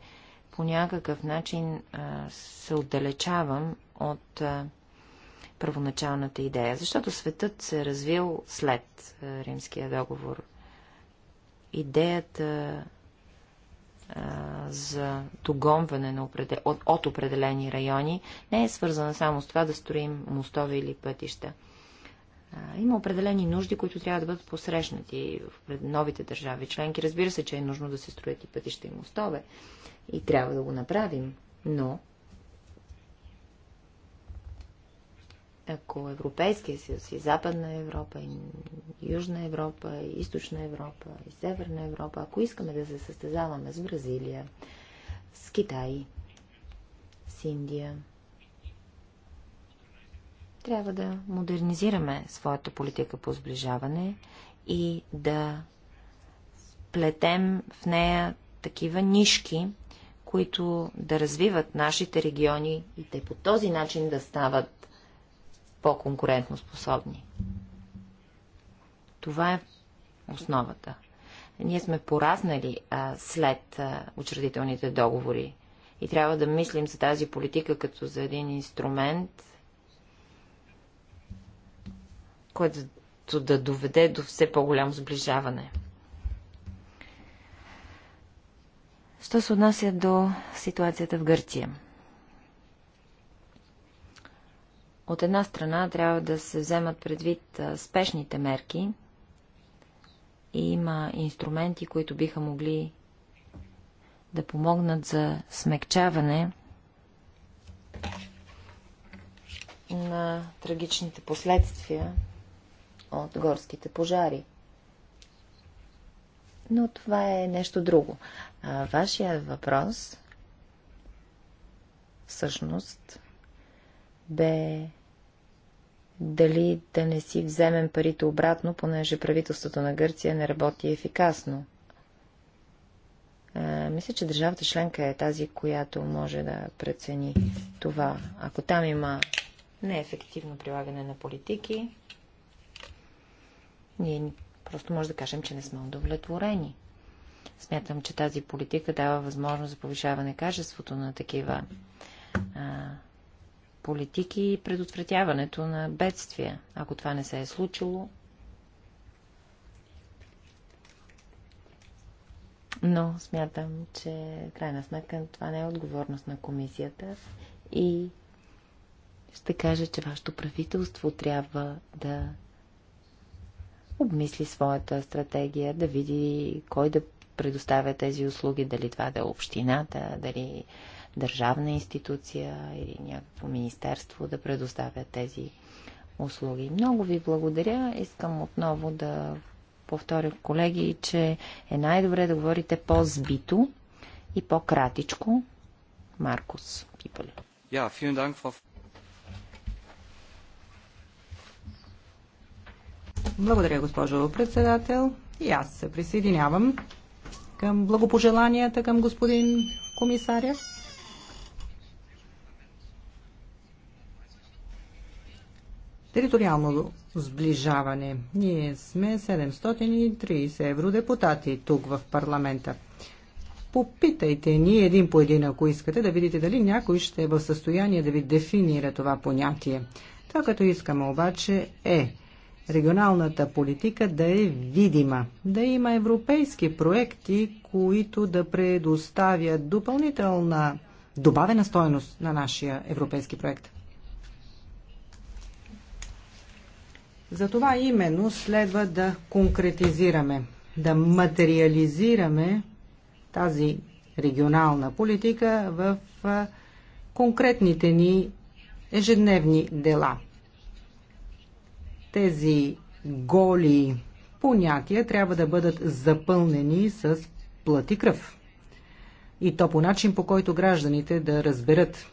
по някакъв начин а, се отдалечавам от а, първоначалната идея, защото светът се е развил след а, Римския договор. Идеята за догонване на определ... от, от определени райони не е свързана само с това да строим мостове или пътища. Има определени нужди, които трябва да бъдат посрещнати в новите държави членки. Разбира се, че е нужно да се строят и пътища и мостове. И трябва да го направим. Но ако Европейския съюз и Западна Европа, и Южна Европа, и Източна Европа, и Северна Европа, ако искаме да се състезаваме с Бразилия, с Китай, с Индия, трябва да модернизираме своята политика по сближаване и да плетем в нея такива нишки, които да развиват нашите региони и те по този начин да стават по-конкурентно способни. Това е основата. Ние сме пораснали а, след а, учредителните договори и трябва да мислим за тази политика като за един инструмент, което да доведе до все по-голямо сближаване. Що се отнася до ситуацията в Гърция? От една страна трябва да се вземат предвид спешните мерки и има инструменти, които биха могли да помогнат за смекчаване на трагичните последствия от горските пожари. Но това е нещо друго. А, вашия въпрос всъщност бе дали да не си вземем парите обратно, понеже правителството на Гърция не работи ефикасно. А, мисля, че държавата членка е тази, която може да прецени това. Ако там има неефективно прилагане на политики, ние просто може да кажем, че не сме удовлетворени. Смятам, че тази политика дава възможност за повишаване качеството на такива а, политики и предотвратяването на бедствия. Ако това не се е случило, Но смятам, че крайна сметка това не е отговорност на комисията и ще кажа, че вашето правителство трябва да обмисли своята стратегия, да види кой да предоставя тези услуги, дали това да е общината, дали държавна институция или някакво министерство да предоставя тези услуги. Много ви благодаря. Искам отново да повторя, колеги, че е най-добре да говорите по-збито и по-кратичко. Маркус Пипали. Yeah, Благодаря, госпожо председател. И аз се присъединявам към благопожеланията към господин комисаря. Териториално сближаване. Ние сме 730 евродепутати тук в парламента. Попитайте ни един по един, ако искате, да видите дали някой ще е в състояние да ви дефинира това понятие. Това, като искаме обаче е регионалната политика да е видима, да има европейски проекти, които да предоставят допълнителна добавена стоеност на нашия европейски проект. За това именно следва да конкретизираме, да материализираме тази регионална политика в конкретните ни ежедневни дела – тези голи понятия трябва да бъдат запълнени с плати кръв. И то по начин, по който гражданите да разберат.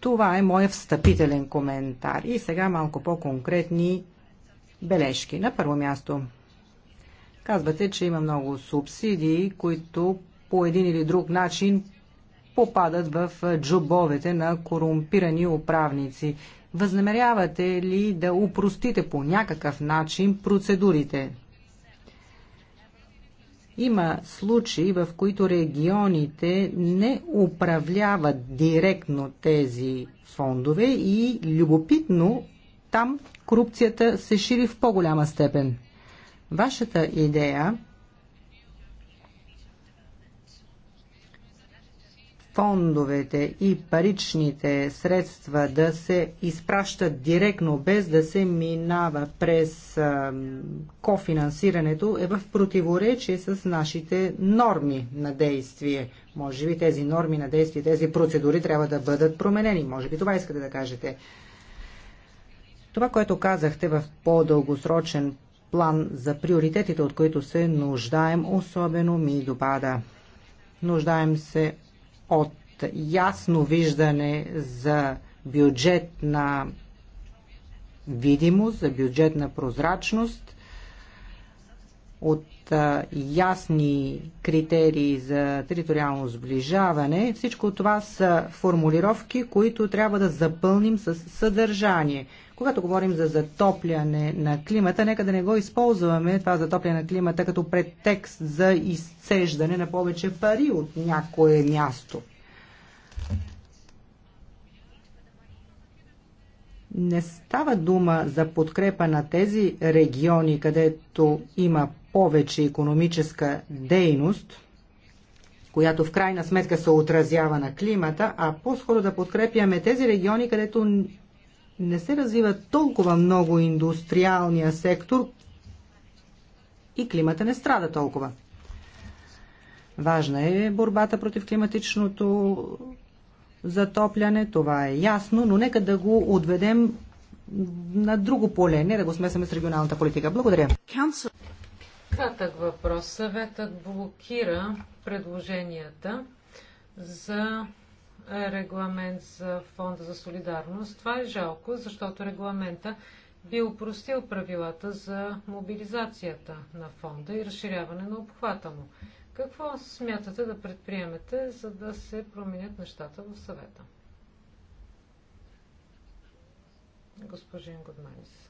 Това е моят встъпителен коментар. И сега малко по-конкретни бележки. На първо място, казвате, че има много субсидии, които по един или друг начин попадат в джобовете на корумпирани управници. Възнамерявате ли да упростите по някакъв начин процедурите? Има случаи, в които регионите не управляват директно тези фондове и любопитно там корупцията се шири в по-голяма степен. Вашата идея фондовете и паричните средства да се изпращат директно, без да се минава през кофинансирането, е в противоречие с нашите норми на действие. Може би тези норми на действие, тези процедури трябва да бъдат променени. Може би това искате да кажете. Това, което казахте в по-дългосрочен план за приоритетите, от които се нуждаем, особено ми допада. Нуждаем се от ясно виждане за бюджетна видимост, за бюджетна прозрачност от а, ясни критерии за териториално сближаване. Всичко това са формулировки, които трябва да запълним с съдържание. Когато говорим за затопляне на климата, нека да не го използваме това затопляне на климата като предтекст за изцеждане на повече пари от някое място. не става дума за подкрепа на тези региони, където има повече економическа дейност, която в крайна сметка се отразява на климата, а по-скоро да подкрепяме тези региони, където не се развива толкова много индустриалния сектор и климата не страда толкова. Важна е борбата против климатичното затопляне, това е ясно, но нека да го отведем на друго поле, не да го смесаме с регионалната политика. Благодаря. Кратък въпрос. Съветът блокира предложенията за регламент за Фонда за солидарност. Това е жалко, защото регламента би упростил правилата за мобилизацията на фонда и разширяване на обхвата му. Какво смятате да предприемете, за да се променят нещата в съвета? Господин Гудманис.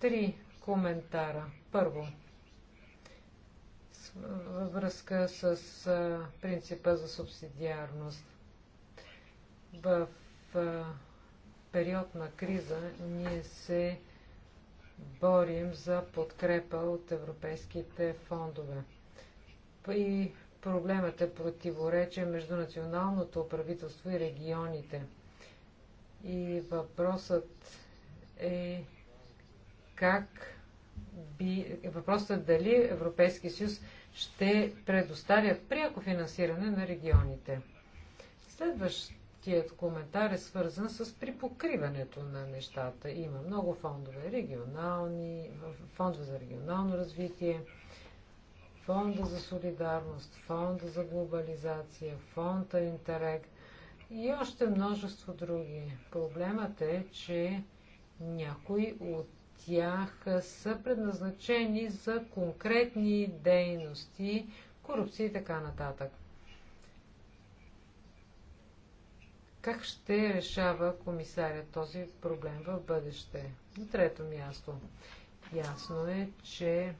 три коментара. Първо, във връзка с принципа за субсидиарност. В период на криза ние се борим за подкрепа от европейските фондове. И проблемът е противоречие между националното правителство и регионите. И въпросът е как би... Въпросът е дали Европейския съюз ще предоставя пряко финансиране на регионите. Следващият коментар е свързан с припокриването на нещата. Има много фондове, регионални, фондове за регионално развитие, фонда за солидарност, фонда за глобализация, фонда Интерект и още множество други. Проблемът е, че някои от тях са предназначени за конкретни дейности, корупция и така нататък. Как ще решава комисаря този проблем в бъдеще? На трето място. Ясно е, че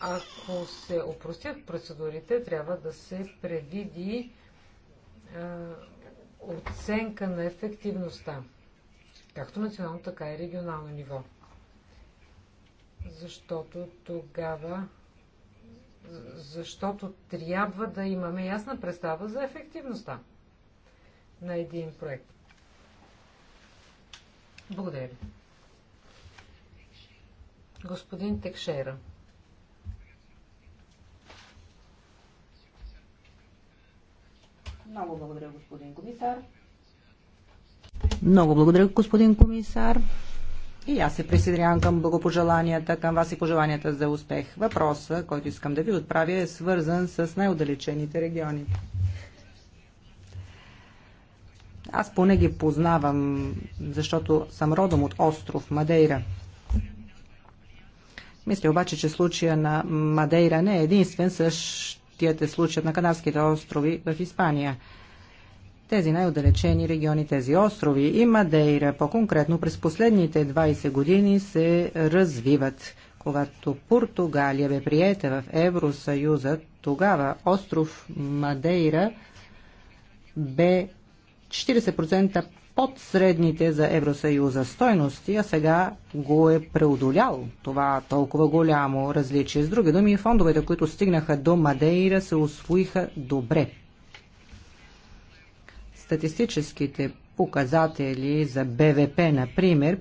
ако се опростят процедурите, трябва да се предвиди а, оценка на ефективността както национално, така и регионално ниво. Защото тогава защото трябва да имаме ясна представа за ефективността на един проект. Благодаря ви. Господин Текшера. Много благодаря, господин комисар. Много благодаря, господин комисар. И аз се присъединявам към благопожеланията, към вас и пожеланията за успех. Въпросът, който искам да ви отправя, е свързан с най удалечените региони. Аз поне ги познавам, защото съм родом от остров Мадейра. Мисля обаче, че случая на Мадейра не е единствен, същият е случаят на Канарските острови в Испания – тези най-отдалечени региони, тези острови и Мадейра по-конкретно през последните 20 години се развиват. Когато Португалия бе приета в Евросъюза, тогава остров Мадейра бе 40% под средните за Евросъюза стойности, а сега го е преодолял това толкова голямо различие. С други думи, фондовете, които стигнаха до Мадейра, се освоиха добре. Статистическите показатели за БВП, например,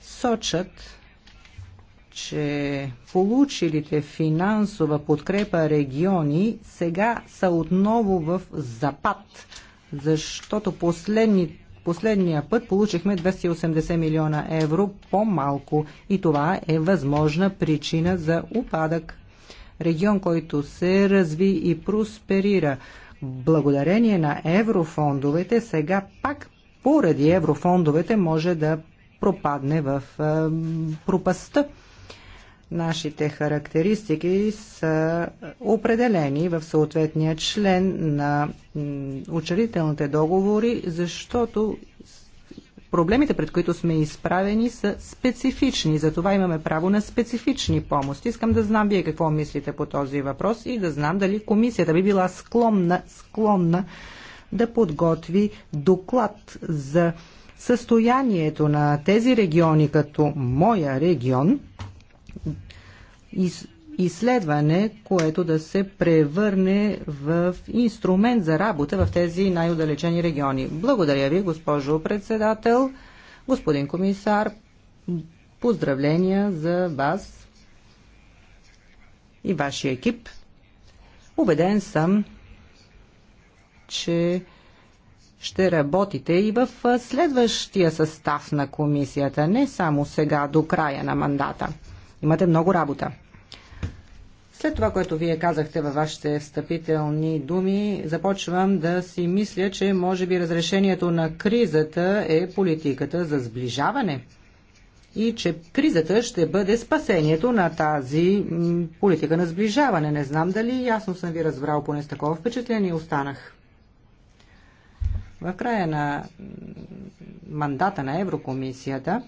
сочат, че получилите финансова подкрепа региони сега са отново в запад, защото последни, Последния път получихме 280 милиона евро по-малко и това е възможна причина за упадък. Регион, който се разви и просперира. Благодарение на еврофондовете, сега пак поради еврофондовете може да пропадне в пропаста. Нашите характеристики са определени в съответния член на учредителните договори, защото Проблемите, пред които сме изправени, са специфични. Затова имаме право на специфични помощи. Искам да знам вие какво мислите по този въпрос и да знам дали комисията би била склонна, склонна да подготви доклад за състоянието на тези региони, като моя регион, и изследване, което да се превърне в инструмент за работа в тези най-удалечени региони. Благодаря ви, госпожо председател, господин комисар. Поздравления за вас и вашия екип. Убеден съм, че ще работите и в следващия състав на комисията, не само сега до края на мандата. Имате много работа. След това, което вие казахте във вашите встъпителни думи, започвам да си мисля, че може би разрешението на кризата е политиката за сближаване и че кризата ще бъде спасението на тази политика на сближаване. Не знам дали ясно съм ви разбрал, поне с такова впечатление останах. В края на мандата на Еврокомисията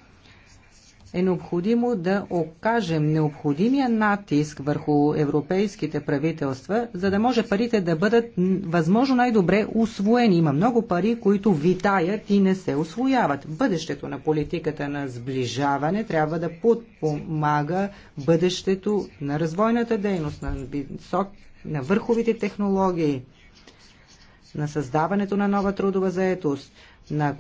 е необходимо да окажем необходимия натиск върху европейските правителства, за да може парите да бъдат възможно най-добре освоени. Има много пари, които витаят и не се освояват. Бъдещето на политиката на сближаване трябва да подпомага бъдещето на развойната дейност, на, висок, на върховите технологии, на създаването на нова трудова заетост – на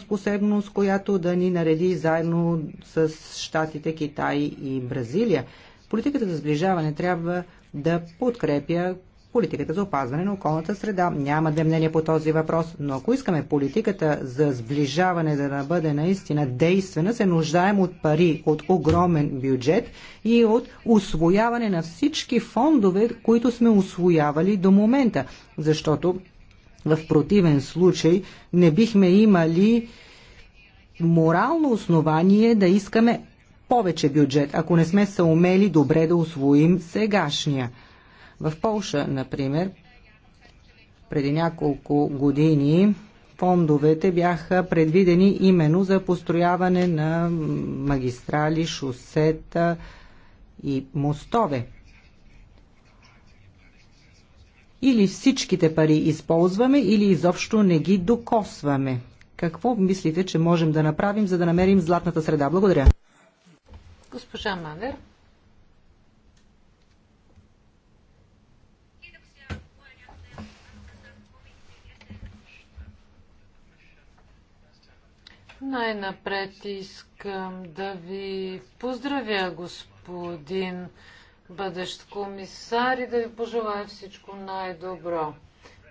способност, която да ни нареди заедно с щатите Китай и Бразилия. Политиката за сближаване трябва да подкрепя политиката за опазване на околната среда. Няма две мнение по този въпрос, но ако искаме политиката за сближаване да бъде наистина действена, се нуждаем от пари, от огромен бюджет и от освояване на всички фондове, които сме освоявали до момента. Защото в противен случай не бихме имали морално основание да искаме повече бюджет, ако не сме се умели добре да освоим сегашния. В Полша, например, преди няколко години фондовете бяха предвидени именно за построяване на магистрали, шосета и мостове. Или всичките пари използваме, или изобщо не ги докосваме. Какво мислите, че можем да направим, за да намерим златната среда? Благодаря. Госпожа Манер. Най-напред искам да ви поздравя, господин бъдещ комисар и да ви пожелая всичко най-добро.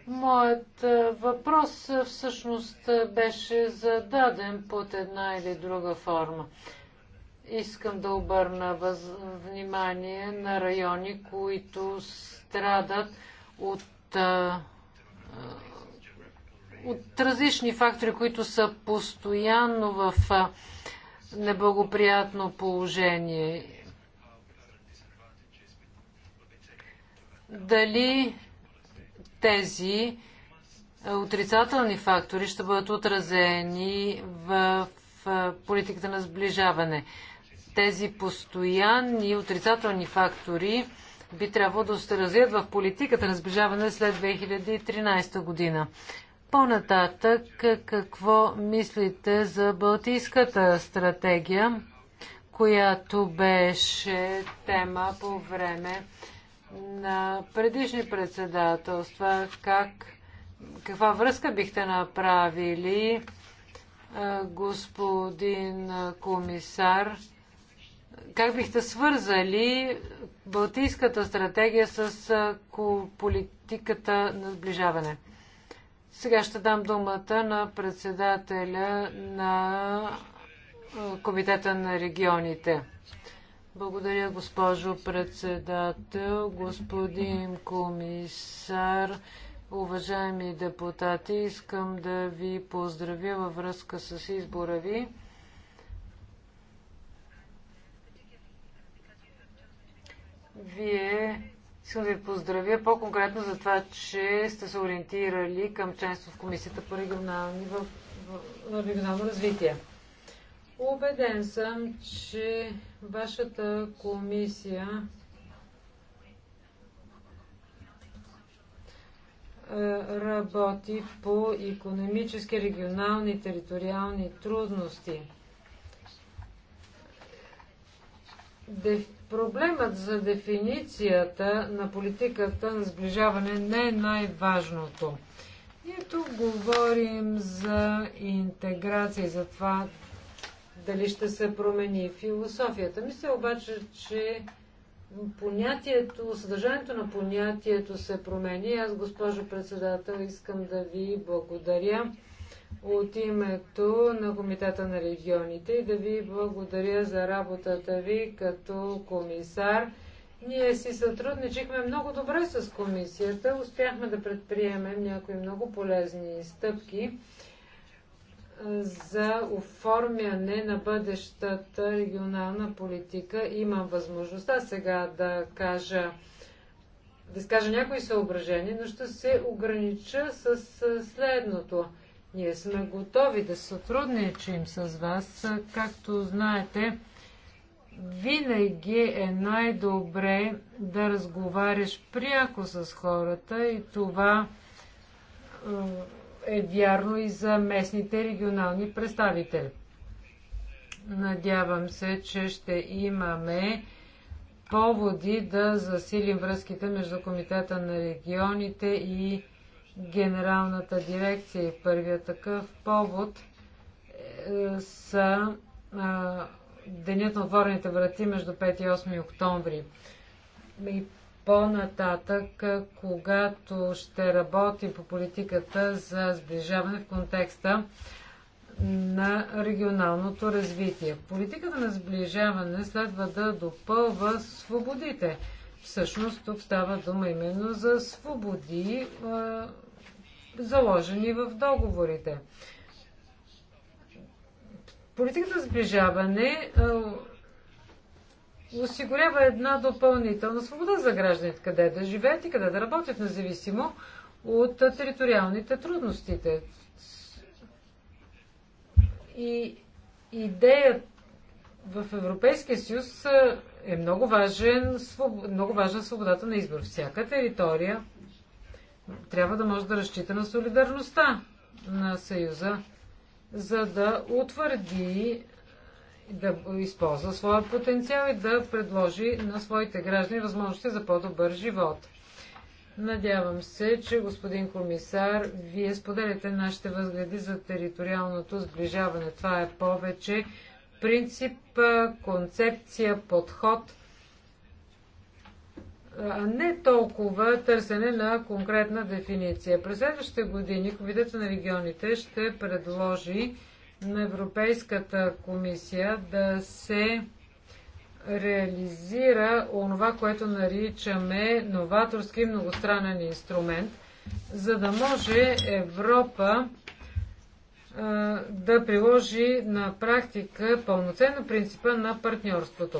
Моят е, въпрос е, всъщност е, беше зададен под една или друга форма. Искам да обърна въз... внимание на райони, които страдат от, а, от различни фактори, които са постоянно в а, неблагоприятно положение дали тези отрицателни фактори ще бъдат отразени в политиката на сближаване. Тези постоянни отрицателни фактори би трябвало да се развият в политиката на сближаване след 2013 година. По-нататък, какво мислите за Балтийската стратегия, която беше тема по време на предишни председателства, как, каква връзка бихте направили, господин комисар, как бихте свързали Балтийската стратегия с политиката на сближаване? Сега ще дам думата на председателя на Комитета на регионите. Благодаря, госпожо председател, господин комисар, уважаеми депутати. Искам да ви поздравя във връзка с избора ви. Вие искам да ви поздравя по-конкретно за това, че сте се ориентирали към членство в Комисията по регионални, в, в, в регионално развитие. Убеден съм, че Вашата комисия е, работи по економически, регионални и териториални трудности. Проблемът за дефиницията на политиката на сближаване не е най-важното. Ние тук говорим за интеграция и за това дали ще се промени философията. Мисля обаче, че понятието, съдържанието на понятието се промени. Аз, госпожо председател, искам да ви благодаря от името на Комитета на регионите и да ви благодаря за работата ви като комисар. Ние си сътрудничихме много добре с комисията, успяхме да предприемем някои много полезни стъпки за оформяне на бъдещата регионална политика. Имам възможността сега да кажа да изкажа някои съображения, но ще се огранича с следното. Ние сме готови да сътрудничим с вас. Както знаете, винаги е най-добре да разговаряш пряко с хората и това е вярно и за местните регионални представители. Надявам се, че ще имаме поводи да засилим връзките между Комитета на регионите и Генералната дирекция. Първият такъв повод е, са Денят на отворените врати между 5 и 8 октомври. И по-нататък, когато ще работим по политиката за сближаване в контекста на регионалното развитие. Политиката на сближаване следва да допълва свободите. Всъщност тук става дума именно за свободи, е, заложени в договорите. Политиката за сближаване е, осигурява една допълнителна свобода за гражданите, къде да живеят и къде да работят, независимо от териториалните трудностите. И идеят в Европейския съюз е много, важен, много важна свободата на избор. Всяка територия трябва да може да разчита на солидарността на Съюза, за да утвърди да използва своя потенциал и да предложи на своите граждани възможности за по-добър живот. Надявам се, че господин комисар, вие споделяте нашите възгледи за териториалното сближаване. Това е повече принцип, концепция, подход, а не толкова търсене на конкретна дефиниция. През следващите години Комитета на регионите ще предложи на Европейската комисия да се реализира онова, което наричаме новаторски многостранен инструмент, за да може Европа а, да приложи на практика пълноценно принципа на партньорството.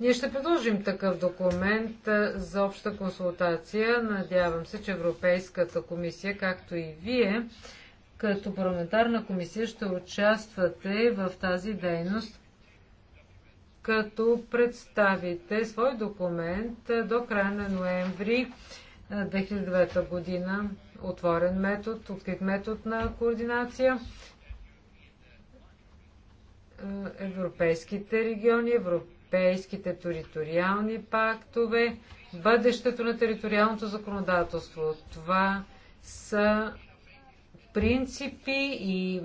Ние ще предложим такъв документ за обща консултация. Надявам се, че Европейската комисия, както и вие, като парламентарна комисия ще участвате в тази дейност, като представите свой документ до края на ноември 2009 година. Отворен метод, открит метод на координация. Европейските региони, европейските териториални пактове, бъдещето на териториалното законодателство. Това са принципи и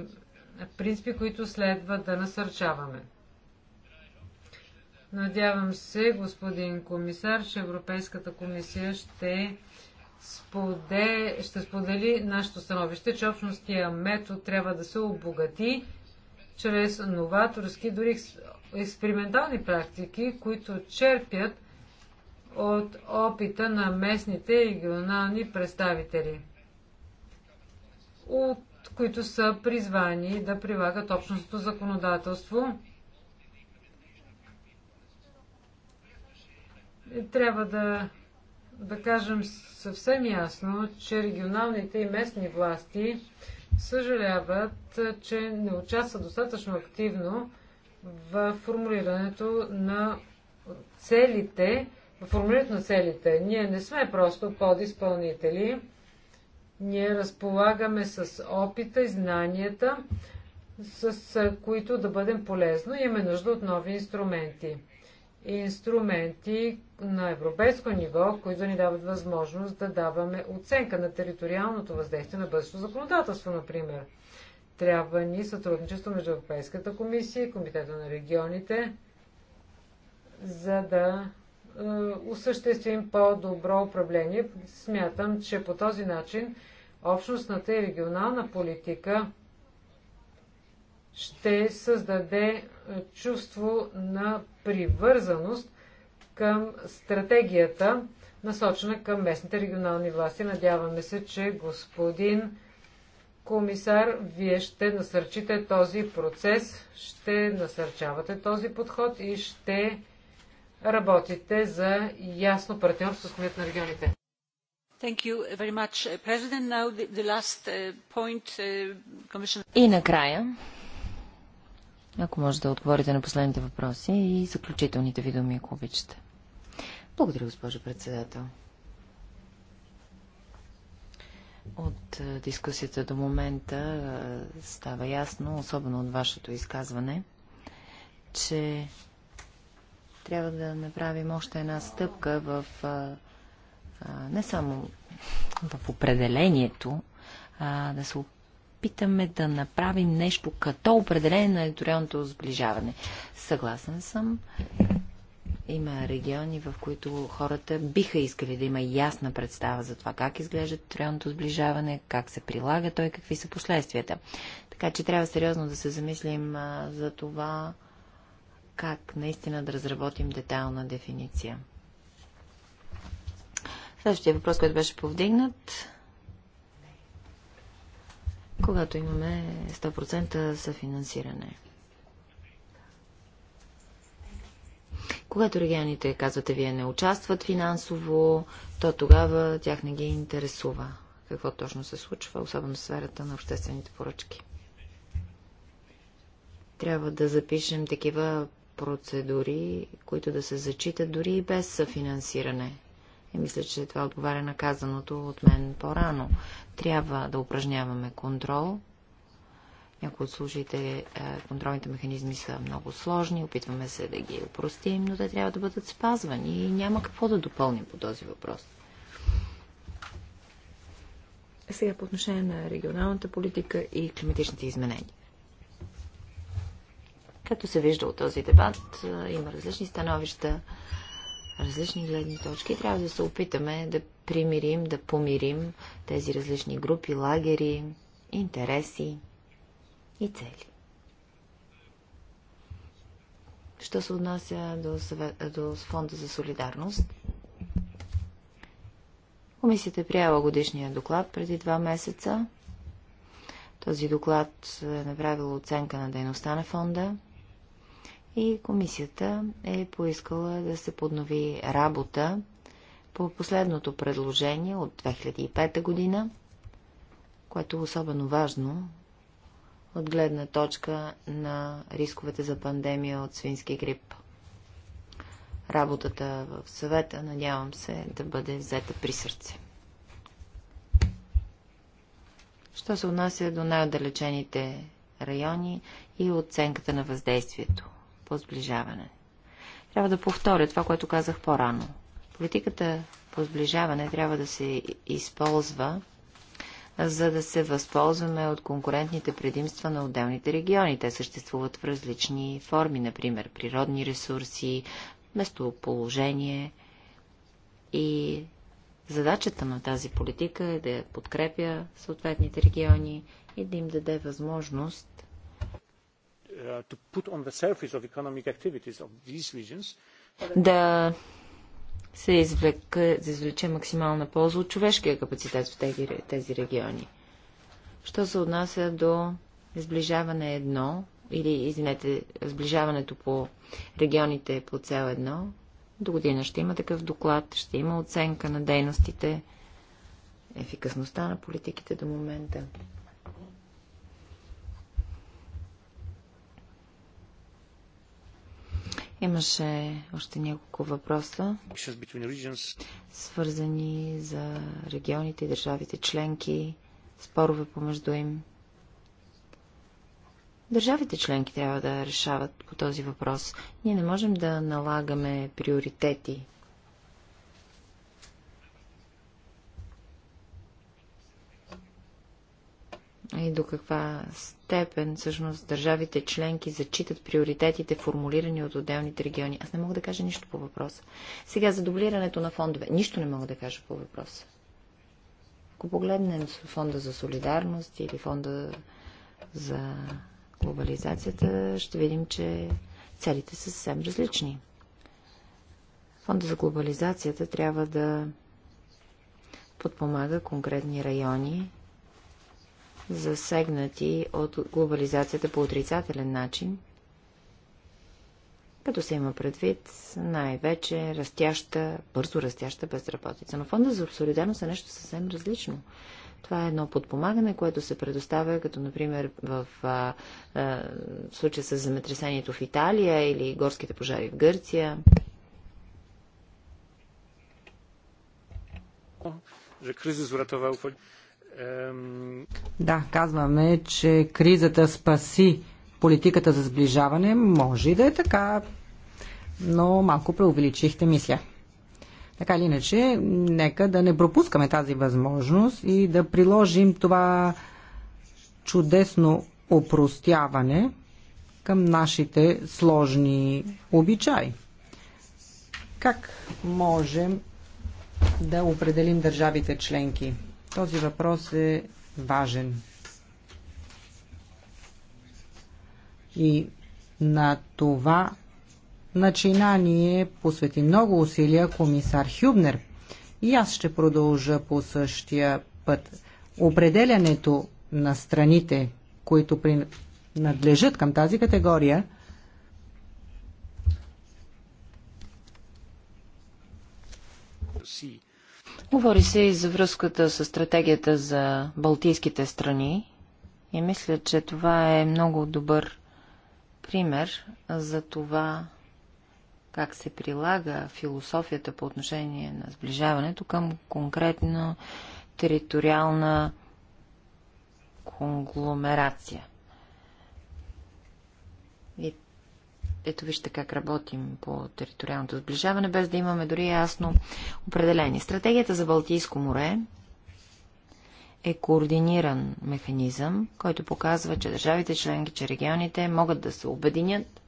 принципи, които следва да насърчаваме. Надявам се, господин комисар, че Европейската комисия ще, споде, ще сподели нашето становище, че общностия метод трябва да се обогати чрез новаторски, дори експериментални практики, които черпят от опита на местните и регионални представители от които са призвани да прилагат общностното законодателство. Трябва да, да кажем съвсем ясно, че регионалните и местни власти съжаляват, че не участват достатъчно активно в формулирането на целите, в формулирането на целите. Ние не сме просто подизпълнители ние разполагаме с опита и знанията, с които да бъдем полезно. Имаме нужда от нови инструменти. Инструменти на европейско ниво, които ни дават възможност да даваме оценка на териториалното въздействие на бъдещето законодателство, например. Трябва ни сътрудничество между Европейската комисия и Комитета на регионите, за да е, осъществим по-добро управление. Смятам, че по този начин общностната и регионална политика ще създаде е, чувство на привързаност към стратегията, насочена към местните регионални власти. Надяваме се, че господин комисар, вие ще насърчите този процес, ще насърчавате този подход и ще работите за ясно партньорство с кмет на регионите. И накрая, ако може да отговорите на последните въпроси и заключителните ви думи, ако обичате. Благодаря, госпожо председател. От дискусията до момента става ясно, особено от вашето изказване, че трябва да направим още една стъпка в а, не само в определението, а да се опитаме да направим нещо като определение на електориалното сближаване. Съгласен съм. Има региони, в които хората биха искали да има ясна представа за това как изглежда териториалното сближаване, как се прилага той, какви са последствията. Така че трябва сериозно да се замислим а, за това, как наистина да разработим детайлна дефиниция. Следващия въпрос, който беше повдигнат. Когато имаме 100% съфинансиране. Когато регионите, казвате, вие не участват финансово, то тогава тях не ги интересува какво точно се случва, особено в сферата на обществените поръчки. Трябва да запишем такива процедури, които да се зачитат дори и без съфинансиране. И мисля, че това отговаря на казаното от мен по-рано. Трябва да упражняваме контрол. Някои от случаите е, контролните механизми са много сложни, опитваме се да ги упростим, но те трябва да бъдат спазвани и няма какво да допълним по този въпрос. Сега по отношение на регионалната политика и климатичните изменения. Като се вижда от този дебат, има различни становища, различни гледни точки. Трябва да се опитаме да примирим, да помирим тези различни групи, лагери, интереси и цели. Що се отнася до, до Фонда за солидарност, комисията е приела годишния доклад преди два месеца. Този доклад е направил оценка на дейността на фонда и комисията е поискала да се поднови работа по последното предложение от 2005 година, което е особено важно от гледна точка на рисковете за пандемия от свински грип. Работата в съвета, надявам се, да бъде взета при сърце. Що се отнася до най-отдалечените райони и оценката на въздействието – по сближаване. Трябва да повторя това, което казах по-рано. Политиката по сближаване трябва да се използва, за да се възползваме от конкурентните предимства на отделните региони. Те съществуват в различни форми, например природни ресурси, местоположение и задачата на тази политика е да подкрепя съответните региони и да им даде възможност Uh, to put on the surface of economic activities of these regions. Да се извлека, да извлече максимална полза от човешкия капацитет в тези, тези региони. Що се отнася до сближаване едно, или, извинете, сближаването по регионите по цел едно, до година ще има такъв доклад, ще има оценка на дейностите, ефикасността на политиките до момента. Имаше още няколко въпроса, свързани за регионите и държавите членки, спорове помежду им. Държавите членки трябва да решават по този въпрос. Ние не можем да налагаме приоритети и до каква степен всъщност държавите членки зачитат приоритетите, формулирани от отделните региони. Аз не мога да кажа нищо по въпроса. Сега за дублирането на фондове. Нищо не мога да кажа по въпроса. Ако погледнем фонда за солидарност или фонда за глобализацията, ще видим, че целите са съвсем различни. Фонда за глобализацията трябва да подпомага конкретни райони засегнати от глобализацията по отрицателен начин, като се има предвид най-вече растяща, бързо растяща безработица. Но фонда за солидарност е нещо съвсем различно. Това е едно подпомагане, което се предоставя, като например в а, а, случая с земетресението в Италия или горските пожари в Гърция. Że kryzys да, казваме, че кризата спаси политиката за сближаване. Може и да е така, но малко преувеличихте, мисля. Така или иначе, нека да не пропускаме тази възможност и да приложим това чудесно опростяване към нашите сложни обичаи. Как можем да определим държавите членки? Този въпрос е важен. И на това начинание посвети много усилия комисар Хюбнер. И аз ще продължа по същия път. Определянето на страните, които принадлежат към тази категория, see Говори се и за връзката с стратегията за балтийските страни и мисля, че това е много добър пример за това как се прилага философията по отношение на сближаването към конкретна териториална конгломерация. Ето вижте как работим по териториалното сближаване, без да имаме дори ясно определение. Стратегията за Балтийско море е координиран механизъм, който показва, че държавите членки, че регионите могат да се обединят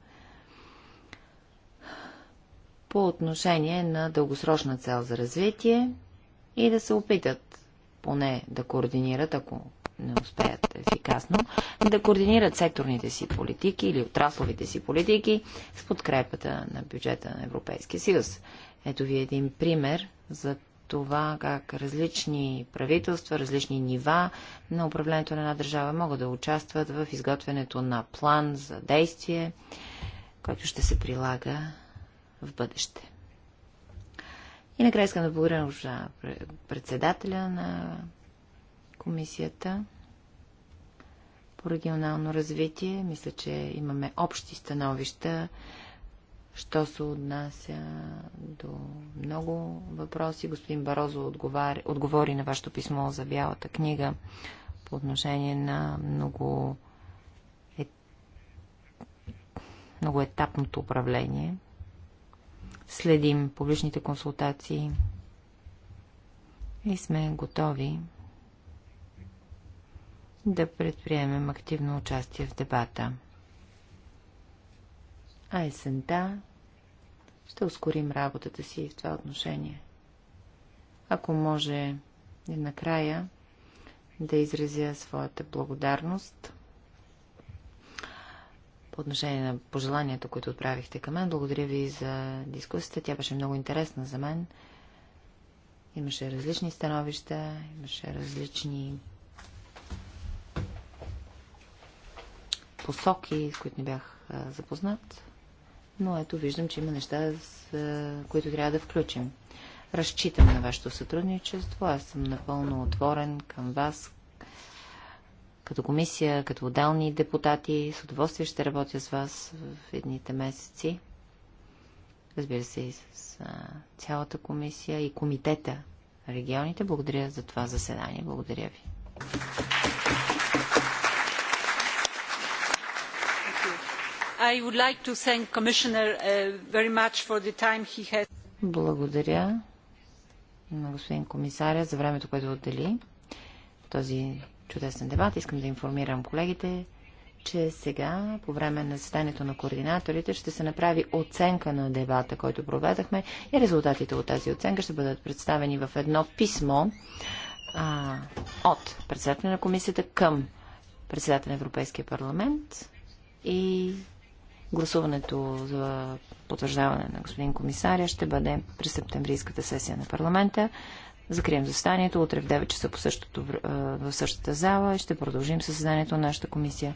по отношение на дългосрочна цел за развитие и да се опитат поне да координират, ако не успеят ефикасно, да координират секторните си политики или отрасловите си политики с подкрепата на бюджета на Европейския съюз. Ето ви един пример за това как различни правителства, различни нива на управлението на една държава могат да участват в изготвянето на план за действие, който ще се прилага в бъдеще. И накрая искам да благодаря на председателя на Комисията по регионално развитие. Мисля, че имаме общи становища, що се отнася до много въпроси. Господин Барозо отговори, отговори на вашето писмо за Бялата книга по отношение на много е... многоетапното управление. Следим публичните консултации и сме готови да предприемем активно участие в дебата. А есента ще ускорим работата си в това отношение. Ако може и накрая да изразя своята благодарност по отношение на пожеланията, които отправихте към мен. Благодаря ви за дискусията. Тя беше много интересна за мен. Имаше различни становища, имаше различни посоки, с които не бях запознат. Но ето виждам, че има неща, с, които трябва да включим. Разчитам на вашето сътрудничество. Аз съм напълно отворен към вас, като комисия, като отдални депутати. С удоволствие ще работя с вас в едните месеци. Разбира се и с цялата комисия и комитета на регионите. Благодаря за това заседание. Благодаря ви. I would like to thank Commissioner uh, very much for the time he has. Благодаря на господин комисаря за времето, което отдели този чудесен дебат. Искам да информирам колегите, че сега, по време на заседанието на координаторите, ще се направи оценка на дебата, който проведахме и резултатите от тази оценка ще бъдат представени в едно писмо а, от председателя на комисията към председателя на Европейския парламент и Гласуването за потвърждаване на господин комисаря ще бъде при септемврийската сесия на парламента. Закрием заседанието. Утре в 9 часа по същото, в същата зала и ще продължим със заседанието на нашата комисия.